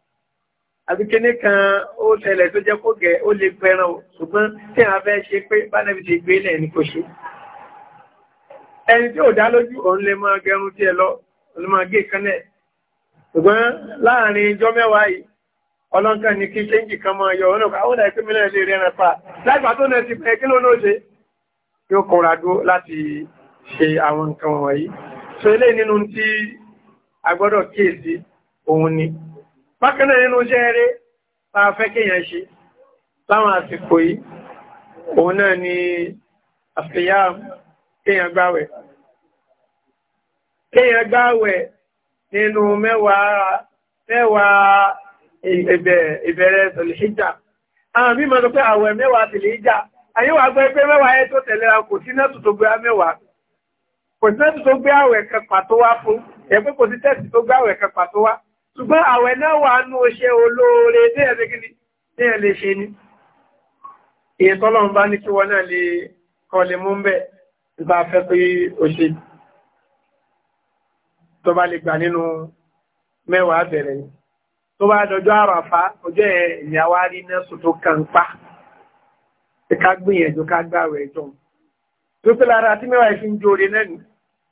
àbí kíní kan ó ṣẹlẹ̀ tó jẹ́ kó gẹ̀ ó lè pẹran o ṣùgbọ́n tí a fẹ́ ṣe pé bánẹ́bí ti gbé lẹ̀ ní kò ṣe ẹni tí ò dá lójú òun lè máa gẹrun tí ẹ lọ òun máa gé kanẹ̀ ṣùgbọ́n láàrin ijọ́ mẹ́wàá yìí ọlọ́nkàn ní kí ṣéǹjì kan máa yọ ọ̀nà àwọn ọ̀nà ìpínlẹ̀ mílẹ̀ lè rẹ̀rẹ̀ pa láìpà tó náà ti pẹ́ kí ló ló ṣe yóò kọra dó láti ṣe àwọn nǹkan wọ̀nyí so eléyìí nínú tí a gbọ́dọ̀ kíyèsí òun ni bákanáà nínú iṣẹ́ eré ta fẹ́ kíyàn ṣe láwọn àsìkò yìí òun náà ni àfíyà kíyàn gbáwẹ̀ kíyàn gbáwẹ̀ nínú mẹ́wàá ìbẹ̀rẹ̀ tòlìṣíjà àwọn mímọ̀ tó pé àwẹ̀ mẹ́wàá tòlìṣíjà àyíwà gbẹ́ pé mẹ́wàá ẹ tó tẹ̀lé ra kò sí nẹ́tù tó gbé mẹ́wàá kò sí ṣùgbọ́n àwẹ̀ náà wà ní oṣe olóore ní ẹ̀rẹ́ gíní ní ẹ̀ lè ṣe ní ìyẹ̀tọ́lọ́run bá ní kí wọ́n náà lè kọlẹ̀ mú bẹ́ bá fẹ́ pé oṣe tó bá lè gbà nínú mẹ́wàá bẹ̀rẹ̀ ni tó bá dọjọ́ àràfá ọjọ́ ìyàwó rí nẹ́sù tó kànpá ká ni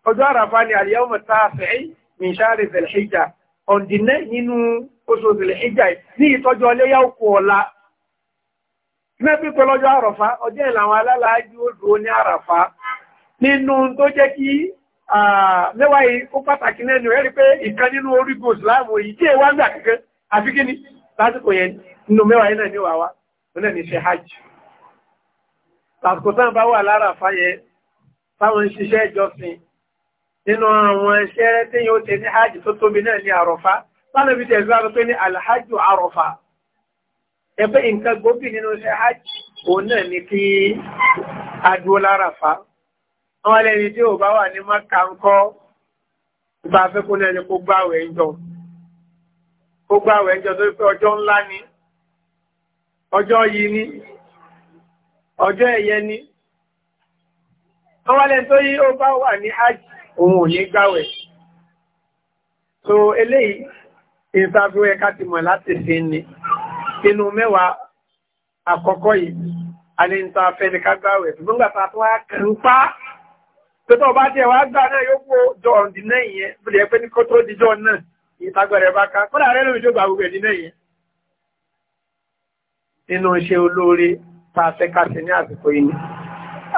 ọjọ́ àràfá ni àríyáwó ọ̀dìnẹ́ nínú oṣooṣìlẹ̀ ìjà ní ìtọ́jú ọlẹ́yà òkú ọ̀la nẹ́bí pé lọ́jọ́ àrọ̀fá ọjọ́ ìlànà alálàájú odò ní àràfá nínú tó jẹ́ kí mẹ́wàá yìí ó pàtàkì nẹ́nu ẹ̀rí pé ìkan nínú orígun ìsìláàmù èyí tí èwà ń gbà kankan àfi kí ni lásìkò yẹn nínú mẹ́wàá yìí náà ní wà wá ó náà ní ṣe nínú àwọn iṣẹ́ tí yóò ṣe ní hajj tó tóbi náà ní àrọ̀fá lánàbí tẹ̀ sí wáyé pé ní alhajj àrọ̀fá ẹgbẹ́ nǹkan gbóbi nínú iṣẹ́ hajj òun náà ní kí adúó láràfá wọn lẹ́ni tí ò bá wà ní maka ń kọ́ ìgbà afẹ́kọ́ náà ni kó gbàwẹ̀ ẹjọ́ kó gbàwẹ̀ ẹjọ́ tó pé ọjọ́ ńlá ni ọjọ́ yìí ni ọjọ́ ẹ̀yẹ ni wọn lẹ́ni tó yí ó bá wà ní hajj òun ò ní gbàwẹ̀ so eléyìí ìsáfíwọ́ ẹ̀ká ti mọ̀ láti fi ní inú mẹ́wàá àkọ́kọ́ yìí alẹ́ntà fẹ́nìká gbàwẹ̀ tó gbàtà tó wá kàn pa tó tọ́ bá tẹ́ wá gbà náà yóò kó jọ ọ̀dínà ìyẹn bí lè pẹ́ ní kó tó dijọ́ náà ìtagbẹ̀rẹ̀ bá ká kọ́lá rẹ̀ lórí tó gbà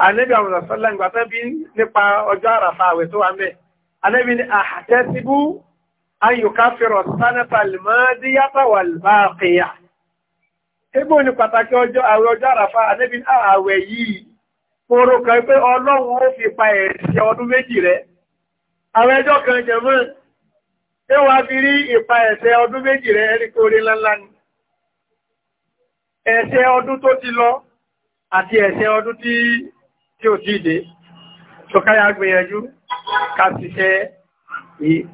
ànẹ́bí àwọn ọ̀sọ́lá ìgbàtẹ́bí nípa ọjọ́ àràfà àwẹ̀ tó wà mẹ́ ànẹ́bí ni àtẹ́síbú ayùkáfẹ́rọ̀ sánẹ́tà lèmọ́díyàtà wà báàkìyà ebó ni pàtàkì ọjọ́ àwẹ̀ ọjọ́ àràfà ànẹ́bí ah, àwẹ̀ yìí kóró kan pé ọlọ́run ó fi pa ẹ̀ṣẹ̀ ọdún méjì rẹ̀ àwọn ẹjọ́ kan jẹ̀mọ́ ẹ wá fi rí ìpa ẹ̀ṣẹ̀ ọdún méjì rẹ̀ ẹni kórè ńláńlá ni tó ti lọ àti ẹ̀ṣẹ̀ ọdún tí tí ò tí ìdè tó káyà gbìyànjú ká ti ṣẹ́ yìí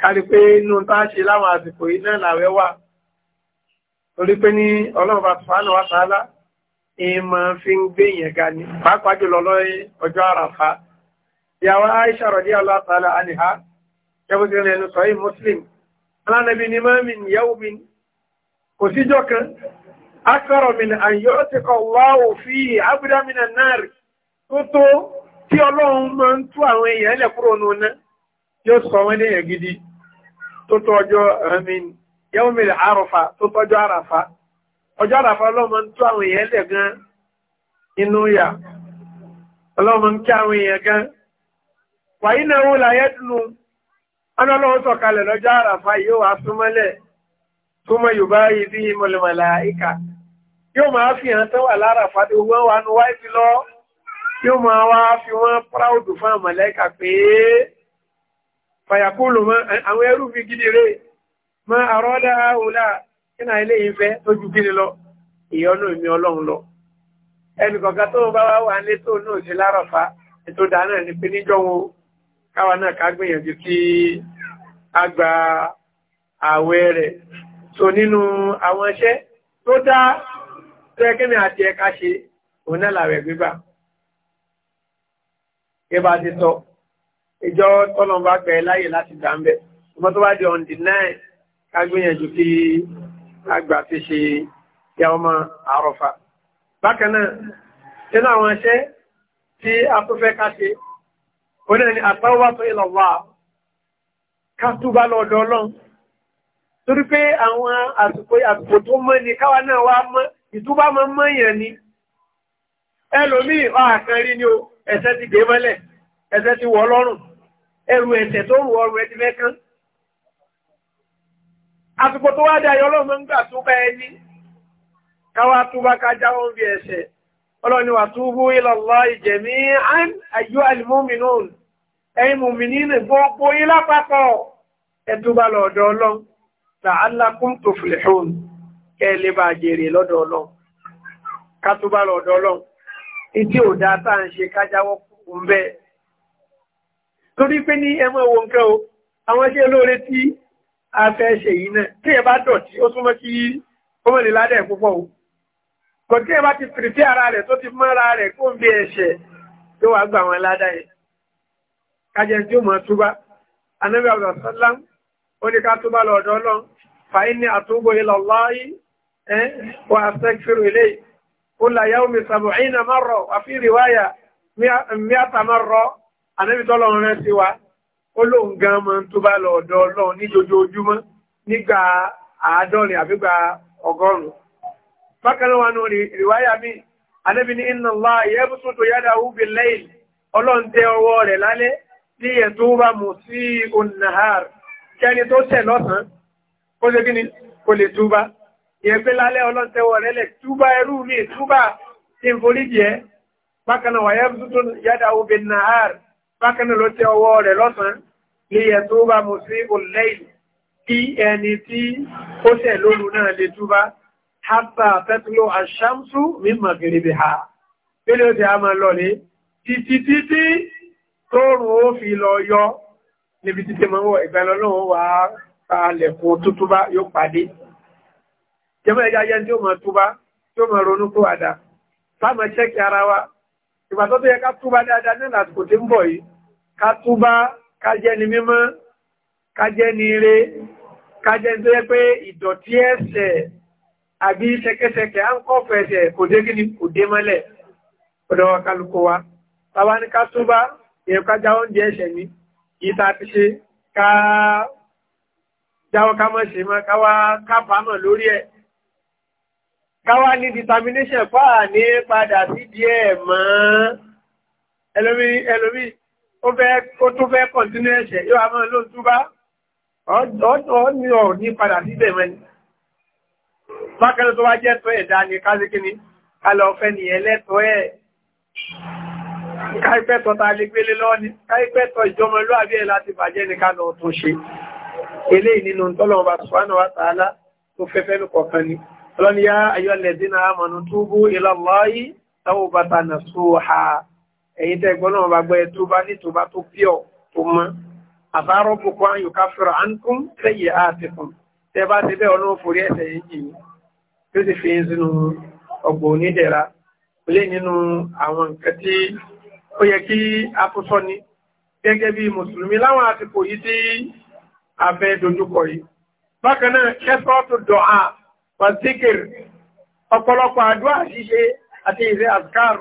kárí pé inú tá a ṣe láwọn àsìkò yìí náà làwẹ́ wà torí pé ní ọlọ́run bá subhanahu wa ta'ala ìmọ̀ fi ń gbé ga ni pàápàá jùlọ lọ́yìn ọjọ́ àràfà ìyàwó Aisha radiyallahu ta'ala anha ẹnu sọ́yìn Muslim alánàbí ni máa mi yẹ́wù mi kò síjọ́ kan akọ̀rọ̀ mi àyọ́ ti kọ̀ wá òfin àbúdá mi náà rí tó tí ọlọ́run máa ń tú àwọn èèyàn lẹ̀ kúrò nùnà yóò sọ wọ́n gidi tó tó ọjọ́ amin yawmil àràfà tó tọ́jọ́ àràfà ọjọ́ àràfà ọlọ́run tú àwọn èèyàn lẹ̀ gan inú yà ọlọ́run kí àwọn èèyàn gan wà tí ó máa wá fi wọ́n púráùdù fún àmàlẹ́kà pé fàyàkúlù mọ́ àwọn ẹrù fi gidi rẹ̀ mọ́ àrọ́dá àwòlá kí náà ilé ìfẹ́ tó ju gidi lọ ìyọ́nù mi ọlọ́run lọ ẹnìkọ̀ọ̀kan tó bá wá wà ní tó náà sí lárọ̀fà ètò dáná ní pé níjọ́ wọn káwa náà ká so nínú àwọn iṣẹ́ tó dá tẹ́kẹ́mi àti ẹ̀ka ṣe òun náà làwẹ̀ ẹbá ti sọ ìjọ tọ́lọ́n bá pẹ̀ láyè láti gbà ń bẹ̀ ọmọ tó bá di on the nine kágbìyànjú kí àgbà fi ṣe ya ọmọ àrọ̀fà bákan náà àwọn iṣẹ́ tí a tó fẹ́ ká ṣe ó náà ni àtàwọ́tò ìlọ̀wà ká túbá lọ́dọ̀ ọlọ́run torí pé àwọn àsìkò àsìkò tó mọ́ ni káwa náà wá mọ́ ìtúbá mọ́ mọ́yàn ni ẹlòmíì ọ̀hàn ah, kan ni o ẹ̀ṣẹ̀ ti dé mọ́lẹ̀ ẹ̀ṣẹ̀ ti wọ̀ lọ́rùn ẹrù ẹ̀ṣẹ̀ tó rù ọrùn ẹdí mẹ́kán àsìkò tó wá dé ayọ́ ọlọ́run ń gbà tó bá ẹni káwá tó bá ká jáwọ́ ń fi ẹ̀ṣẹ̀ ọlọ́ni wà túbú ilallahi jami'an ayyuhal mu'minun ẹ̀yin mùmìnì ní gbogbo yín lápapọ̀ ẹ̀túbà lọ́dọ̀ ọlọ́run la'allakum tuflihun kẹ́ẹ̀lẹ́ bá jèrè lọ́dọ̀ ọlọ́run kátúbà lọ́dọ̀ ọlọ́run ìdí òdá tá à ń ṣe kájáwọ́ òun bẹ́ẹ̀ torí pé ní ẹmọ owó nǹkan o àwọn iṣẹ́ olóore tí a fẹ́ ṣe yìí náà tí ẹ bá dọ̀tí ó súnmọ́ kí ó mọ̀lẹ̀ ládẹ̀ púpọ̀ o kò tí ẹ bá ti pìrìtì ara rẹ̀ tó ti mọ́ ara rẹ̀ kó ń bí ẹ̀ṣẹ̀ tó wàá gbà wọn ládà yẹn kájẹ tí ó mọ̀ túbá anábì abdulsalam ó ní ká túbá lọ́dọ̀ Ọlọ́run fàáyín ní àtúbọ̀ ilallahi wa astaghfiru ilayhi kula yaumi sab'ina marra wà fi riwaya mi'ata marra ànábì tọ́lọ̀ rẹ̀ sí wa ó lóun gan mọ́ tó bá lọ ọ̀dọ̀ ọlọ́run ní jojoojúmọ́ nígbà àádọ́rin àbígbà ọgọ́rùn-ún bákan náà wà riwaya mi ànábì ní inna Allah yabsutu yadahu bil layl ọlọ́run tẹ ọwọ́ rẹ̀ lálẹ́ ní ẹ̀tọ́ bá mú sí onahar kẹni tó tẹ̀ lọ́sàn ìyẹ̀gbé lálẹ́ ọlọ́ntẹ́wọ̀ rẹ̀lẹ̀ túbá ẹrú mi túbá tí ń forí jẹ́ bákanáà wàyẹ́ tuntun yádà obì náàr bákanáà ló tẹ ọwọ́ rẹ̀ lọ́sàn lè yẹ tó bá mo olẹ́yìn kí ẹni tí ó tẹ̀ lóru náà lè túbá hátà tẹ́tùlọ àṣàmsù mi màgìrìbì ha pélé ó ti a máa lọ ní títí títí tóòrùn ó fi lọ yọ níbi títí máa ń wọ ìgbàlọ́lọ́wọ́ wà á kalẹ̀kùn tútúbá yóò pàdé jẹ́mọ́ ẹja yẹn tí ó mọ̀ túbá tí ó mọ̀ ronú kó àdá sáàmọ̀ ṣẹ́kì ara wa ìgbà tó tó yẹ ká túbá dáadáa ní àsìkò tí ń bọ̀ yìí ká túbá ká jẹ́ ni mímọ́ ká jẹ́ ni ire ká jẹ́ tó yẹ pé ìdọ̀tí ẹ̀ṣẹ̀ àbí ṣẹkẹṣẹkẹ à ń kọ́fọ̀ ẹ̀ṣẹ̀ kò dé kí ni kò dé mọ́lẹ̀ ọ̀dọ̀ kálukú wa táwa ní ká túbá èèyàn ká já oúnjẹ ẹ̀ṣẹ̀ ni ìta ti ṣe ká jáwọ́ ká mọ̀ ṣe mọ́ ká wá kábàámọ̀ lórí ẹ̀ káwá ní determination fáà ní padà sí díẹ̀ mọ́ ẹlòmí ẹlòmí ó tó fẹ́ continue ẹ̀ṣẹ̀ yóò àmọ́ ló túbá ọ̀dọ́ ní ọ̀ ní padà sí díẹ̀ mẹ́ni bákẹ́lẹ́ tó wá jẹ́ tó ẹ̀dá ní kásíkíní kálọ̀ ọ̀fẹ́ ní ẹlẹ́tọ́ ẹ̀ káìpẹ́tọ̀ ta lè gbélé lọ́ni káìpẹ́tọ̀ ìjọmọlúàbí ẹ̀ láti bàjẹ́ ní kálọ̀ ọ̀tún ṣe ọlọ́ni yá ayọ́ lẹ́dínà àmọ̀nù túbú ilallahi tawbatan nasuha ẹ̀yin tẹ́ gbọ́n náà bá gbọ́ ẹ túbá ní túbá tó píọ̀ tó mọ́ àbárọ̀ púpọ̀ àyùká fẹ́rọ̀ àǹkún lẹ́yìn àtìkùn tẹ́ bá ti bẹ́ẹ̀ ọlọ́run forí ẹ̀ṣẹ̀ yìí jì tó sì fi ń sínú ọgbọ̀ onídẹ̀ra lé nínú àwọn nǹkan tí ó yẹ kí a tó sọ ni gẹ́gẹ́ bí mùsùlùmí láwọn àsìkò yìí tí abẹ́ dojúkọ yìí bákan náà kẹ́sọ́ tó dọ̀ á wàzíkìr ọ̀pọ̀lọpọ̀ àdúrà ṣíṣe àti ìrẹ́ àzkar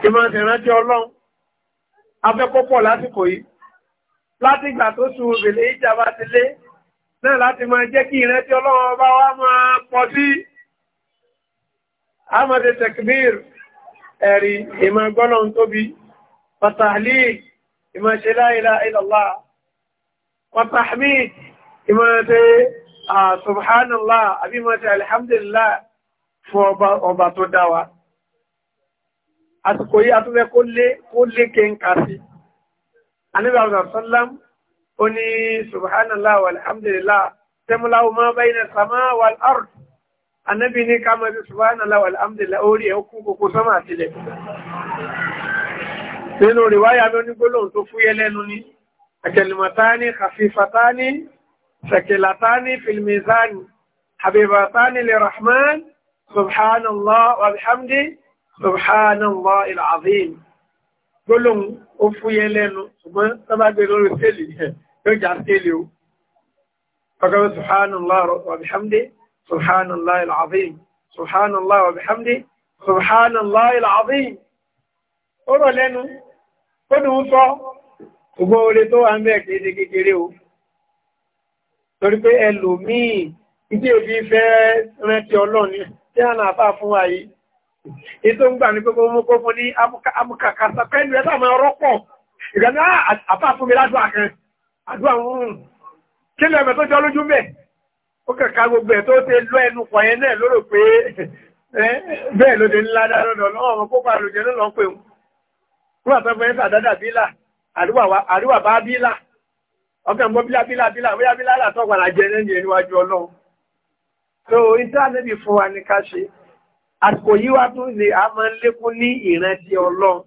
tí máa tẹ̀rántí ọlọ́run afẹ́kọ́pọ̀ lásìkò yìí láti ìgbà tó su obìnrin ìjàmbá ti lé náà láti máa jẹ́ kí ìrántí ọlọ́run ọba wa máa pọ̀ sí amade tekbir Ah, subhanallah àbí mọ́ ti alhamdulillah fún ọba tó dáwà àsìkò yí àtúnfẹ́ kó lé kéńkà sí anábì àbúsàlám ó ní subhanallah alhamdulillah tẹ́múláwò máa bá iná sàmá wal ard anábì ní ká mọ́ sí subhanallah alhamdulillah orí ẹ̀ kún kòkó sọ́mà sílẹ̀ nínú rìwáyà lónígbólóhùn tó fúyẹ́ lẹ́nu ní àkẹlùmọ̀tá ní ثقلتان في الميزان حبيبتان للرحمن سبحان الله والحمد سبحان الله العظيم gbólóhùn ó fúyẹ́ lẹ́nu ṣùgbọ́n tọ́bàgbé lórí tẹ́lì yóò jà tẹ́lì ó ọgbọ́n subhanallah wa bihamdi subhanallah al'azim subhanallah wa bihamdi subhanallah al'azim ó rọ̀ lẹ́nu ó dùn sọ gbogbo orí tó wà ń bẹ́ẹ̀ kéde kékeré o torí pé ẹlòmíì ìdí èbí fẹ́ rántí ọlọ́ni tí a náà fà fún wa yìí ètò ń gbà ní pé kó mú kó fún ní amúkàkàsà pẹ̀lú ẹ̀ sáà máa rọ́pọ̀ ìgbàdá àfà fún mi ládùá kan àdúrà ń rùn kí lè ẹ̀mẹ̀ tó jọ lójú mẹ́ ó kàkà gbogbo ẹ̀ tó ti lọ ẹnu pọ̀ yẹn náà lórò pé bẹ́ẹ̀ ló dé ńlá dáadọ́dọ̀ lọ́wọ́ ọmọ kópa lòjẹ́ lọ́pẹ̀ wọn àtọ́fẹ́ sàdádà bílà àríwà bá bílà ọkàn mọ́ bílá bílá bílá bóyá bílá látọ́ padà jẹ lẹ́nu ẹni ọlọ́run so intanẹ́ẹ̀tì fún wa ní ká ṣe àsìkò yìí wá tún lè a máa ń lékún ní ìrántí ọlọ́run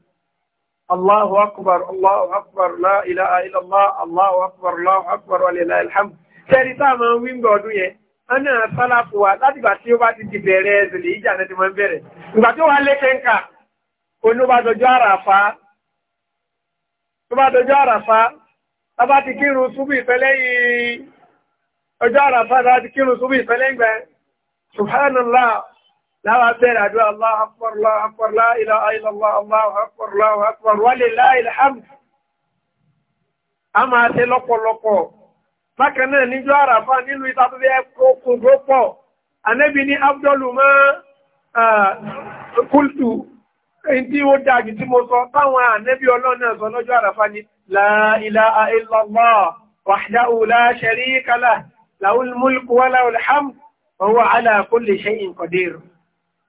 Allahu akbar Allahu akbar la ilaha illallah Allahu akbar Allahu akbar wa lillahi alhamd tẹ́rí tá a máa ń wí ń bẹ ọdún yẹn wọ́n náà sálá fún wa láti ìgbà tí ó bá ti di bẹ̀rẹ̀ ẹ̀sìlẹ̀ ìjà náà ti máa ń bẹ̀rẹ̀ ìgbà tí ó lé kẹ́ńkà onú bá dojú àràfá Tàbá ti kírun súbì ìfẹ́lẹ́ yìí, ọjọ́ àràfà tàbá ti kírun súbì ìfẹ́lẹ́ ìgbẹ́. Subhanallah, láwá bẹ̀rẹ̀ àdúrà Allahu akbar, Allahu akbar, la ilaha illallah, Allahu akbar, Allahu akbar, walillahil hamd. A máa ṣe lọ́pọ̀lọpọ̀. Bákan náà níjọ́ àràfà nílùú ìtàbíbẹ́ kókùn tó pọ̀. Ànẹ́bí ní Abdul máa kúltù, èyí tí لا إله إلا الله وحده لا شريك له له الملك وله الحمد وهو على كل شيء قدير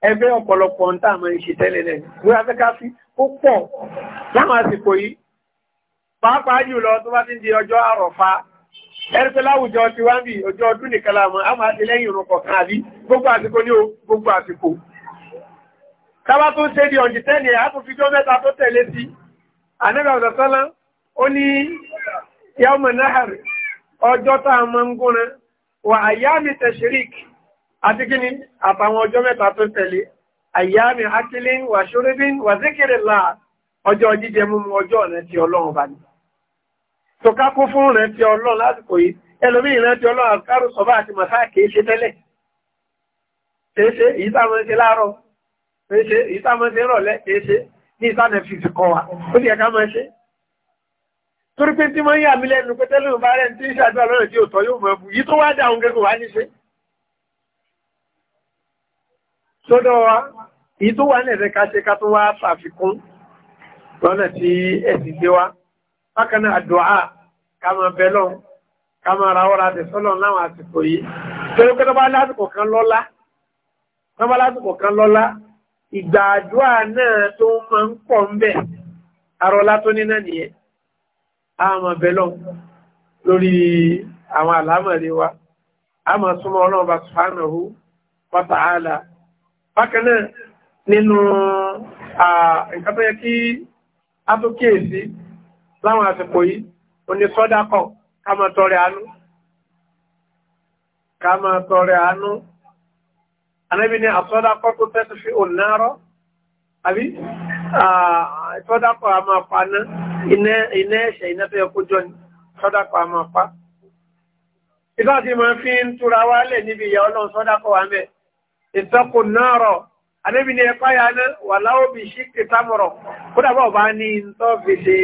ẹgbẹ́ ọ̀pọ̀lọpọ̀ ń tàà mọ̀ ìṣẹ́ tẹ́lẹ̀ lẹ̀ wíwá fẹ́ ká fi ó pọ̀ láwọn àsìkò yìí pàápàá jùlọ tó bá ti di ọjọ́ àrọ̀fà ẹ̀rẹ́fẹ́ láwùjọ ti wá ń bí ọjọ́ ọdún nìkan láàmú a máa ti lẹ́yìn ìrùn kọ̀ọ̀kan àbí gbogbo àsìkò ní o gbogbo àsìkò tábà tó ń ṣe di ọ̀jì tẹ́lẹ̀ àtúnfijọ́ mẹ́ta tó tẹ̀lé sí àníbàbà sọ́lá ó ní yawma nahar ọjọ́ tá a máa ń gúnran wà àyámi tẹ̀ṣíríkì àti kíni àtàwọn ọjọ́ mẹ́ta tó tẹ̀lé àyámi akílín wà ṣúrébín wà zikirillah ọjọ́ jíjẹ múmu ọjọ́ ọ̀nà ti ọlọ́run bá ní tó ká kún fún rẹ̀ ti ọlọ́run lásìkò yìí ẹlòmí ìrántí ọlọ́run àkárù sọ́bá àti màsá kìí wa ó sì ẹ̀ká máa ṣe torí pé tí wọ́n yà mí lẹ́nu pé tẹ́lẹ̀ bá rẹ̀ tí ń ṣàdúrà lọ́rẹ̀ tí ó tọ́ yóò mọ̀ ẹ̀bù yìí tó wá dà òun gẹ́gẹ́ wá ní ṣe sọ́dọ̀ wa yìí tó wà ní ẹ̀rẹ́ ká ṣe ká tó wá ṣàfikún lọ́nà tí ẹ̀sì gbé wa bákan náà àdúà ká máa bẹ lọ́n ká máa ra ọ́ra tẹ̀ sọ́lọ̀ láwọn àsìkò àmọ́ bẹ́lọ́ lórí àwọn àlámọ̀rí wa àmọ́ súnmọ́ ọlọ́run bá subhanahu wa ta'ala bákan náà nínú nǹkan kí a tó kíyèsí láwọn àsìkò yìí oní sọ́dákọ̀ ká máa àánú ká máa àsọ́dákọ̀ tó Ah, sọ́dápọ̀ a máa pa ná iná ẹ̀ṣẹ̀ iná tó yẹ kó jọ ní sọ́dápọ̀ a máa pa ìtọ́ ti mọ̀ fi ń túra wálẹ̀ níbi ìyà ọlọ́run sọ́dápọ̀ wà mẹ́ ìtọ́kù náà rọ̀ anẹ́bí ni ẹ̀pá ya ná wà láwọ́bì sí kìtàmọ̀rọ̀ kódàbọ̀ bá ní tọ́ fi ṣe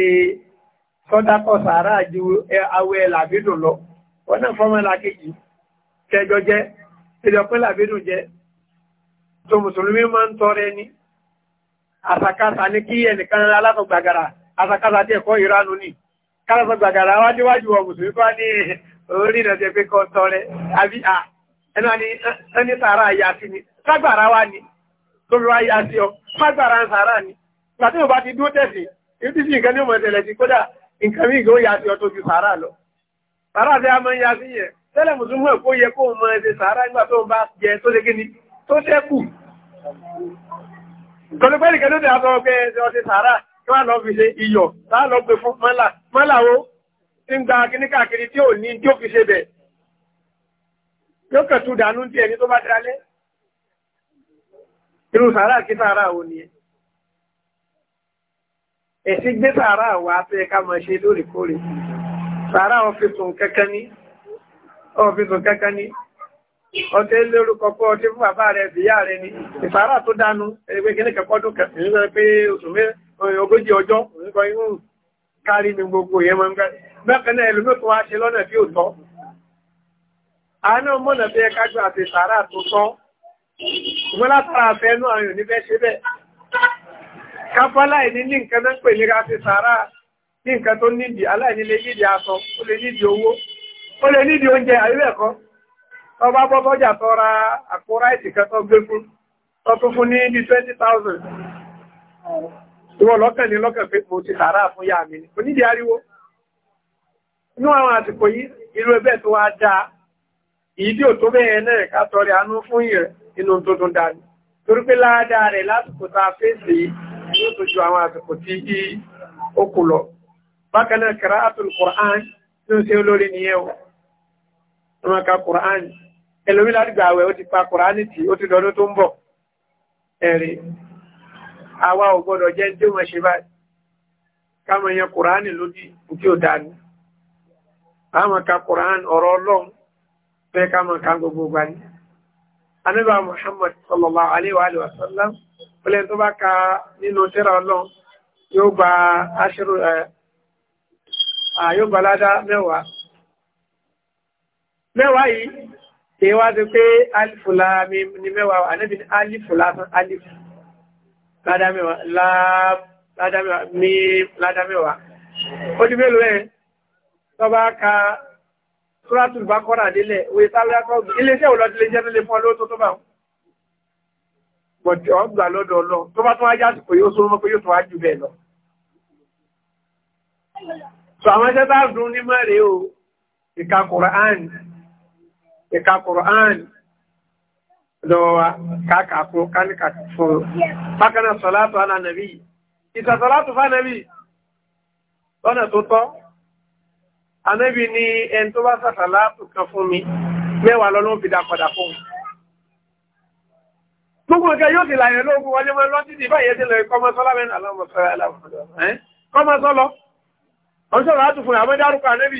sọ́dápọ̀ sàárà ju awẹ́ làbídùn lọ wọ́n náà fọ́mọ́ làkejì kẹjọ jẹ́ ìjọpín làbídùn jẹ́ tó mùsùlùmí máa ń tọrẹ ni àsàkásà ní kí ẹnìkan alásọ gbàgàrà àsàkásà tí ẹ̀kọ́ ìránu ní kálásọ gbàgàrà wá níwájú wọn mùsùlùmí kọ́ ní orí ìrẹsẹ̀ pé kọ́ tọrẹ àbí ya sí ni ságbàrá wá ya sí ọ ságbàrá ń sàárà ni ìgbà tí mo bá ti dúró tẹ̀sí ibi tí nǹkan ní ya sí ọ tó ju sàárà lọ sàárà tí a máa ń ya sí tẹ́lẹ̀ mùsùlùmí ẹ̀ yẹ kó mọ ẹsẹ̀ sàárà nígbà tó bá jẹ tó ṣe kí tó ṣẹ́kù Kọ̀lú pẹ́lú kẹ́lú ní àtọ́ pé ọdí sàárà kí wá lọ fi ṣe iyọ̀ láà lọ gbé fún mọ́là. Mọ́là wo ti ń gba kíní káàkiri tí ò ní tí ó fi ṣe bẹ̀. Yóò kẹ̀tù dànù tí ẹni tó bá dalẹ́. Irú sàárà kí sàárà wo ni ẹ? Ẹ̀sìn gbé sàárà wà á fẹ́ ká máa ṣe lóòrèkóòrè. Sàárà ọ̀fíìsùn kankan ní. ọ̀fíìsùn kankan ní ọtẹ́ lórúkọ pé ọtí fún bàbá rẹ̀ ìyá rẹ̀ ni ìfàárà tó dánú ẹgbẹ́ kí ní kẹkọ́dún kẹsìn nígbà pé oṣù ogójì ọjọ́ nǹkan inú kárí ni gbogbo yẹn máa ń gbá bẹ́ẹ̀ náà ẹlòmí tó wá ṣe lọ́nà bí ò tọ́ àánú mọ̀nà bí ẹka jù àti ìfàárà tó tọ́ ìwọ́n látara àfẹ́ inú àwọn òní fẹ́ ṣe bẹ́ẹ̀ kápálá ìní ní nǹkan náà pè ní ká ti sàárà ní nǹkan tó nídìí aláìní lè nídìí aṣọ ó lè nídìí owó ó lè nídìí oúnjẹ àyíbẹ̀kọ́ tọba bọ́bọ́jà tọ́ ra àpò ráìtì kẹtọ́ gbé fún tọ́tún fún ní bí 20,000 ìwọ̀n lọ́kàn ní lọ́kàn pé mo ti tààrà fún yà mí onídìí ariwo inú àwọn àsìkò yìí irú ẹbẹ́ tó wá dáa èyí tí ò tó bẹ́ẹ̀ náà ká tọrẹ àánú fún yẹn inú tó tún dáa torí pé láadáa rẹ̀ lásìkò tá fèsì yóò tó ju àwọn àsìkò tí ó kù lọ bákan náà kẹrẹ àtúnkùrán tí ó ṣe olórí nìyẹn o wọn ka kùrán ẹlòmí ládùgbà àwẹ̀ ó ti pa kùránì tí ó ti lọ́dún tó ń bọ̀ ẹ̀rí àwa ò gbọ́dọ̀ jẹ́ tí ó mọ̀ ṣe báyìí káwọn èèyàn kùránì lódì tí ó dá kùránì ọ̀rọ̀ ọlọ́run fẹ́ káwọn Muhammad sallallahu alaihi wa sallam pẹ̀lẹ́ tó ka nínú tẹ́ra ọlọ́run yóò gba aṣírò yóò gba mẹ́wàá yìí Èwá ti pé alifùlá ní mẹ́wàá, ànábì ní alifùlá fún alifù, ládámẹ́wàá. Ó ti mélòó ẹ̀, tọba ka Súrátùl Bákọ́rà délẹ̀, òye tálẹ́kọ́gbù, ilé-iṣẹ́ òlọ́dí lè jẹ́ nílé fún ọlọ́tọ́ tó bá wọn. Bọ̀dì ọgbà lọ́dọ̀ ọlọ́, tó bá tún wá jásì pé yóò súnmọ́ pé yóò tún wá jù bẹ́ẹ̀ lọ. Sọ àwọn ẹgbẹ́ bá dùn ní mẹ́rẹ̀ẹ́ o, ìka Kùránì, ìka Qur'an lọ́wọ́ káàkàkó káníkà fún bákanáà sọ́látù ala nàbí ìsàsọ́látù fún nàbí lọ́nà tó tọ́ anábì ní ẹn tó bá sàsàlátù kan fún mi mẹ́wàá lọ́nà òbí dápadà fún gbogbo ọjọ́ yóò ti láyẹ̀ lóògùn wọlé mọ́ lọ́tí ti báyẹ̀ ti lọ ìkọmọsọ́lá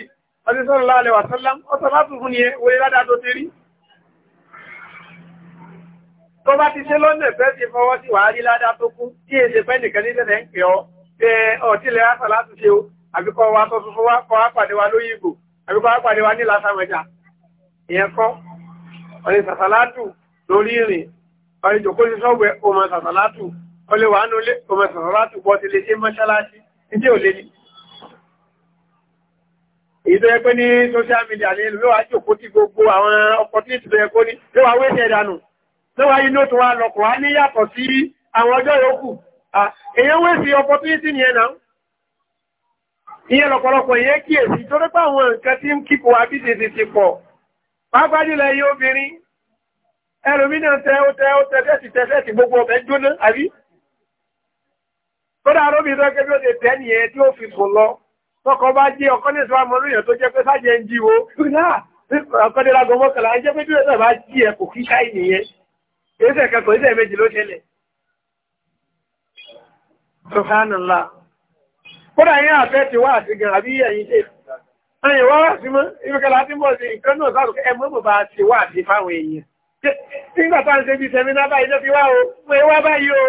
ọdí sọ́rọ̀ láàrẹ wàtọ́lá ọ̀tọ̀ láti fún yẹ wo ìrádà tó ti rí tó bá ti ṣe lọ́nà ẹ̀fẹ́ ti fọwọ́ sí wà á rí ládá tó kú tí è ṣe fẹ́ nìkan ní tẹ̀lẹ̀ ń pè ọ́ pé ọ̀tílẹ̀ àṣà láti ṣe o àbíkọ́ wa tó tuntun wá kọ́ àpàdé wa lóyè ìgbò àbíkọ́ àpàdé wa ní lásàmẹ́jà ìyẹn kọ́ ọ̀rẹ́ sàṣàlátù lórí ìrìn ọ̀rẹ́ jòkó sí sọ́wẹ́ ọmọ sàṣàlátù ọlẹ́wàánú ọmọ sàṣàlátù bọ́ ti lè ṣe mọ́ṣáláṣí ní tí ò èyí tó yẹ pé ní social media ní ìlú wá jòkó tí gbogbo àwọn opportunity tó yẹ kó ní ló wá wéṣẹ̀ ìdànù ló wá inú tó wá lọ́kọ̀ wá ní yàtọ̀ sí àwọn ọjọ́ yòókù èyàn wé sí opportunity ní ẹ̀nà ìyẹn lọ́pọ̀lọpọ̀ ìyẹn kíyèsí tó rẹ́pà àwọn nǹkan tí ń kíkò wá bíi ti ti pọ̀ pàápàá jùlọ ẹyẹ obìnrin ẹlòmínà tẹ ó tẹ ó tẹ tẹ́sì tẹ́sì gbogbo ọbẹ̀ jóná àbí kódà aróbìnrin tó kẹ́bí ó ti tẹ́ nìyẹn tí ó fi sùn lọ tọkọ bá jẹ́ ọkọ ní ìsọ́wà mọ́rú èèyàn tó jẹ́ pé sájẹ́ ń jíwo ọkọ̀dẹ́lágọ́ mọ́kànlá jẹ́ pé dúró náà bá jí ẹ kò kíkà ìnìyẹn èsẹ̀ kẹkọ̀ọ́ èsẹ̀ méjì ló ṣẹlẹ̀ Subhanallah kódà yẹn àfẹ́ ti wá àti gan àbí ẹ̀yìn ṣe ẹ̀yìn wá wá sí mọ́ ibùkẹ́ láti bọ̀ sí nǹkan náà sáàrùn ẹ mọ́ bá ti wá àti fáwọn èèyàn nígbà tá ń ṣe bí sẹmínà báyìí ló fi wá o mo wá báyìí o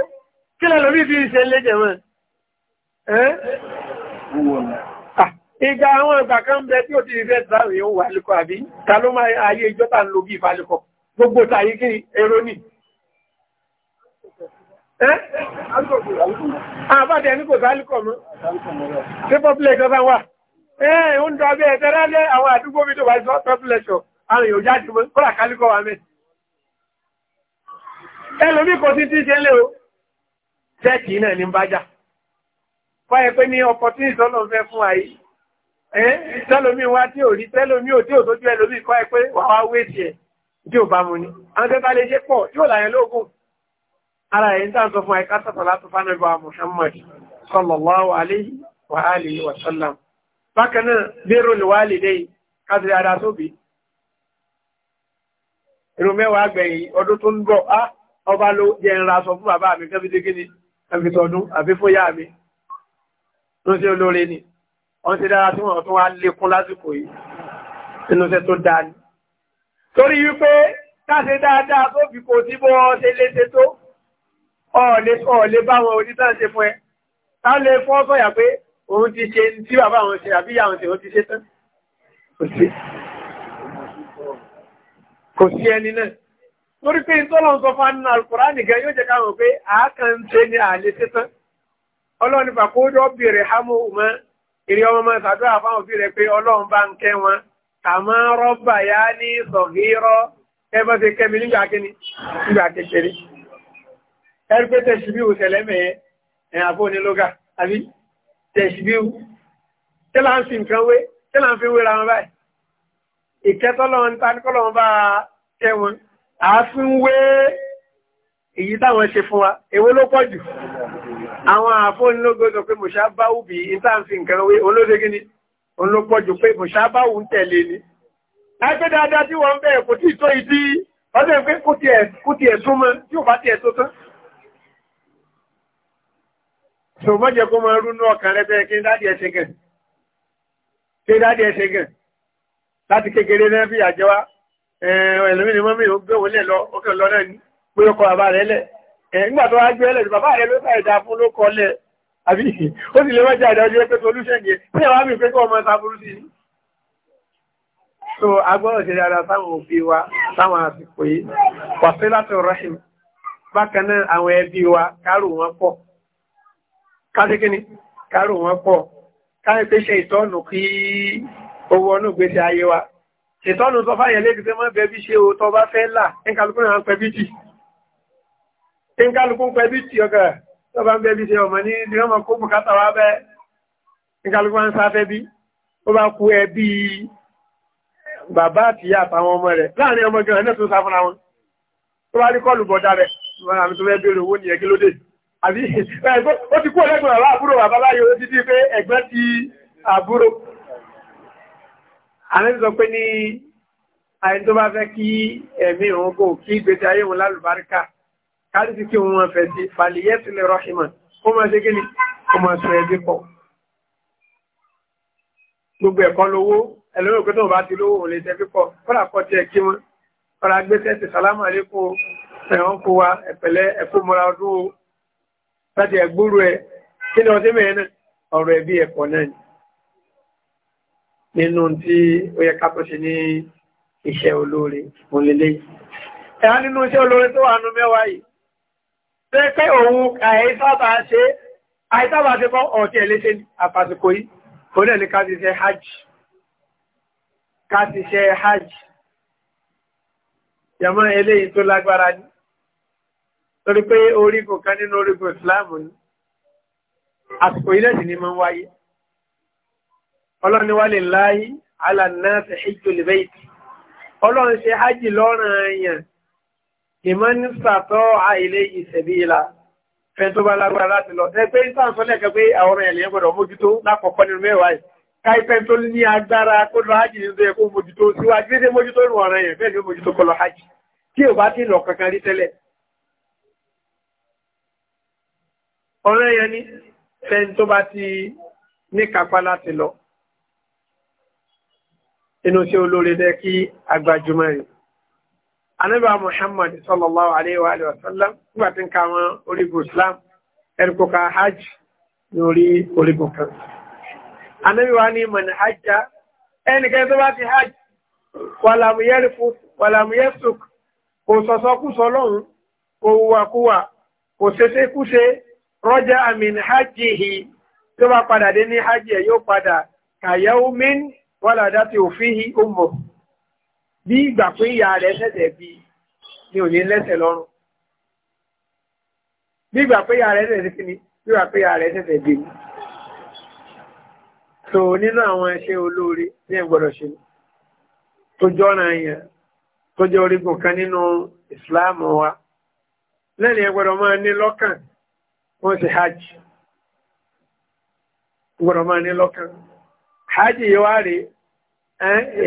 kí lẹ́nu bí fi ṣe lé jẹ̀mọ́ ìgbà àwọn ìgbà kan ń bẹ tí ó ti rí fẹ́ẹ̀ dáhùn yóò wà lẹ́kọ̀ọ́ àbí ta ló máa ayé ìjọba ń lo bí ìfàlẹ́kọ̀ gbogbo tàyí kí èrò nì àbáde ẹni kò sálùkọ̀ mọ́ tí population bá wà ẹ́ ń dọ̀ bí ẹ̀tẹ́ rẹ́lẹ́ àwọn àdúgbò mi tó wà fọ́ ẹ pé ní opportunity ọlọ́run fẹ́ fún àyí tẹ́lómi wá tí ò rí tẹ́lómi ò tí ò tójú ẹlòmí kọ́ ẹ pé wà wá wé tí ẹ̀ tí ò bá mú ní àwọn tẹ́ta lè ṣe pọ̀ tí ò láyẹ lóògùn ara ẹ̀ ń tàn sọ fún ẹ̀ká sọ̀tọ̀ láti fánàbà Muhammad sallallahu alaihi wa alihi wa sallam bákan náà lérò lè wálé dé káàsì ara sóbi irun mẹ́wàá gbẹ̀yìn ọdún tó ń bọ̀ á ọba ló jẹ́ ń ra sọ fún bàbá mi kẹ́bí dé kíni àfi tọdún àfi fóyá mi ni wọ́n ti dára tí wọ́n tún wá lékún lásìkò yìí inú ṣe tó dáa ní torí wípé káṣe dáadáa tó fi kò tí bọ́ ṣe léṣe tó ọ̀ọ̀lẹ́ bá wọn onítàn ṣe fún ẹ ta lè fọ́ sọ́yà pé òun ti ṣe tí bàbá àwọn ṣe àbí ìyá àwọn ṣe òun ti ṣe tán kò sí ẹni náà torí pé ìtọ́lọ̀ sọ fún anínú alukùrá nìkan yóò jẹ́ káwọn pé àákan ṣe ni àlè ṣe tán ọlọ́run fàkójọ́ bèèrè hámọ́ òun eré ọmọ máa ṣàdúrà fáwọn òbí rẹ̀ pé ọlọ́run bá ń kẹ́ wọn àmọ́ rọ́bà yá ní sọ̀gírọ́ ẹgbọ́n ti kẹ́mi nígbà kíní nígbà kékeré ẹ̀rí pé tẹ̀síbíù tẹ̀lẹ́mẹ̀ẹ́ ẹ̀yìn àbó onílógà àbí tẹ̀síbíù tí là ń fi nǹkan wé tí là ń fi wéra wọn báyìí ìkẹ́tọ́lọ́run ta ní kọ́lọ́run bá kẹ́ wọn àá fi ń wé èyí táwọn ṣe fún wa èwo ló pọ̀ jù àwọn àfónilógó sọ pé mùsábáwù bí ìtàǹfì nǹkan wé olóde gíní olópọ̀jù pé mùsábáwù ń tẹ̀lé ni láìpẹ́ dáadáa tí wọ́n bẹ̀rẹ̀ kò tí tó ìdí ọdún pé kò tí ẹ̀ tó mọ́ tí ò bá tí ẹ̀ tó tán so mọ́jẹ̀ kó mọ́ rúnú ọkàn rẹ̀ bẹ́ẹ̀ kí n dáadé ẹ̀ṣẹ̀ gẹ̀ kí n dáadé ẹ̀ṣẹ̀ gẹ̀ láti kékeré náà fi àjẹwá ẹ̀ẹ̀lómìnir mọ́mí ò gbé wọlé lọ ó kẹ́ lọ náà ní pé ó kọ àbá rẹ̀ lẹ̀ nígbà tó wá gbé ẹlẹ̀ bàbá rẹ̀ ló sáré dá fún ló kọlẹ̀ àbí ó sì lè wájá àdájú pé solution yẹ pé wá mi pé kọ́ ọmọ ẹta burú sí so agbọ́rọ̀ ṣe dára sáwọn òbí wa sáwọn àsìkò yìí pàṣẹ láti rahim bákan náà àwọn ẹbí wa kárò wọn pọ̀ káṣíkíní kárò wọn pọ̀ káyẹ̀ pé ṣe ìtọ́nù kí owó ọ̀nà gbèsè ayé wa ìtọ́nù tó fáyẹ̀ lédi pé mọ́ bẹbí ṣe o tó bá fẹ́ là ní kálukú náà ń pẹbí jì kí n kálukú pẹ́ bí tí ọkọ̀ tó bá ń bẹ́ bí ṣe ọmọ ní ní ọmọ kó bùkátà wá bẹ́ kí n kálukú wá ń sáfẹ́ bí ó bá kú ẹbí bàbá àti ìyá àtàwọn ọmọ rẹ̀ láàrin ọmọ gan náà tó sá fúnra wọn tó bá rí kọlù bọ̀dá rẹ̀ àmì àmì tó bá fẹ́ kí ẹ̀mí òun kò kí káàdì kí wọ́n fẹ́ sí fàlìyẹ́sílẹ̀ rọ́ṣìmọ̀ kó máa ṣe gíní kó máa sọ ẹbí pọ̀ gbogbo ẹ̀kọ́ lówó ẹlẹ́rìn pé tó bá ti lówó òun lè tẹ́ pípọ̀ kọ́là kọ́ tiẹ̀ kí wọ́n ni ọdún mẹ́rin náà ọ̀rọ̀ ẹbí ẹ̀kọ́ náà ni nínú tí ó yẹ ká tó ní iṣẹ́ olóore òun lélẹ́yìn ẹ̀hán nínú iṣẹ́ olóore tó wà nú mẹ́wàá yìí Ṣé pé òun àìsábà ṣe, àìsábà ṣe fún ọ̀tí ẹlẹ́ṣẹ́ àfàsìkò yìí, kò náà ní ká ti ṣe hajj. Ká ti ṣe hajj. Yàmọ́ eléyìí tó lágbára ní. Torí pé orígun kan nínú orígun Ìsìláàmù ni. Àsìkò yìí ni máa wáyé. Ọlọ́ni wálé láyé, alànà ṣe hajj olùbẹ́yìí. Ọlọ́run ṣe hajj lọ́rùn àyàn ìmọ̀ni sàtọ́ àìlé ìsẹ̀bíla fẹ́ tó bá lágbára láti lọ ẹgbẹ́ ìsànsọ́ lẹ́kẹ́ pé àwọn ọmọ ẹ̀lẹ́yìn gbọ́dọ̀ mójútó lákọ̀ọ́kọ́ nínú mẹ́wàá yìí káìpẹ́ tó ní agbára kó lọ hajj ní tó yẹ kó mójútó síwájú ní mójútó ìrù ọ̀rẹ́ yẹn bẹ́ẹ̀ ni ó mójútó kó lọ hajj tí ò bá ti lọ kankan rí tẹ́lẹ̀ ọ̀rẹ́ yẹn ni fẹ́ tó bá ti ní kápá láti lọ inú sí olóore dẹ́ kí agbájúmọ́ rẹ̀ anábà muhammad sallallahu alayhi wa sallam nígbà tí ń ka àwọn orígun islam ẹ̀rùkọ́ ka hajj ní orí orígun kan anábì wa ní man hajja ẹnikẹ́ni tó bá ti hajj wàlàmúyẹ́sùk kò sọ̀sọ́kúsọ lọ́hun kò wùwàkúwà kò sẹ́sẹ́ kúṣe rọ́jà àmìn hajjihi tó bá padà dé ní hajji ẹ̀ yóò padà kàyàwó min wàlàdá ti òfíhi bí ìgbà pé ìyá rẹ̀ ṣẹ̀ṣẹ̀ bí ni ò ní lẹ́sẹ̀ lọ́rùn bí ìgbà pé ìyá rẹ̀ ṣẹ̀ṣẹ̀ kí ni bí ìgbà pé ìyá rẹ̀ ṣẹ̀ṣẹ̀ bí ni so nínú àwọn olóore ní ẹgbọ́dọ̀ ṣe tó kan nínú wa lẹ́ni ẹgbọ́dọ̀ máa ní lọ́kàn wọ́n ṣe hajj ẹgbọ́dọ̀ máa ní lọ́kàn hajj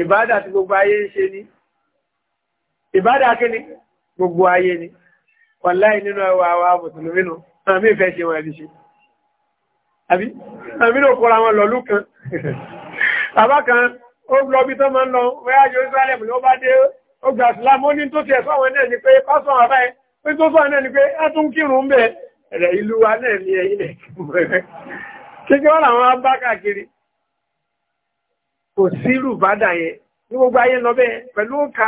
ìbádà tí gbogbo ayé ń ṣe ní ìbádà kí ni gbogbo ayé ni wàláì nínú ẹwà àwà mùsùlùmí nù àmì ìfẹ́ ṣe wọ́n ẹ̀dìṣe àbí àmì ní òkúra wọn lọ lúkan bàbá kan ó lọ bí tó máa ń lọ wẹ́yà Jerusalem ló bá dé ó gbà Islam ó ní tó ti ẹ̀sọ́ àwọn náà ni pé pásọ̀ àbá ẹ̀ pé tó sọ náà ni pé á tún kírun ń bẹ̀ rẹ̀ ìlú wa náà ní ẹ̀yìn rẹ̀ kò sí rùbádà yẹn ní gbogbo ayé lọ bẹ́ẹ̀ pẹ̀lú òǹkà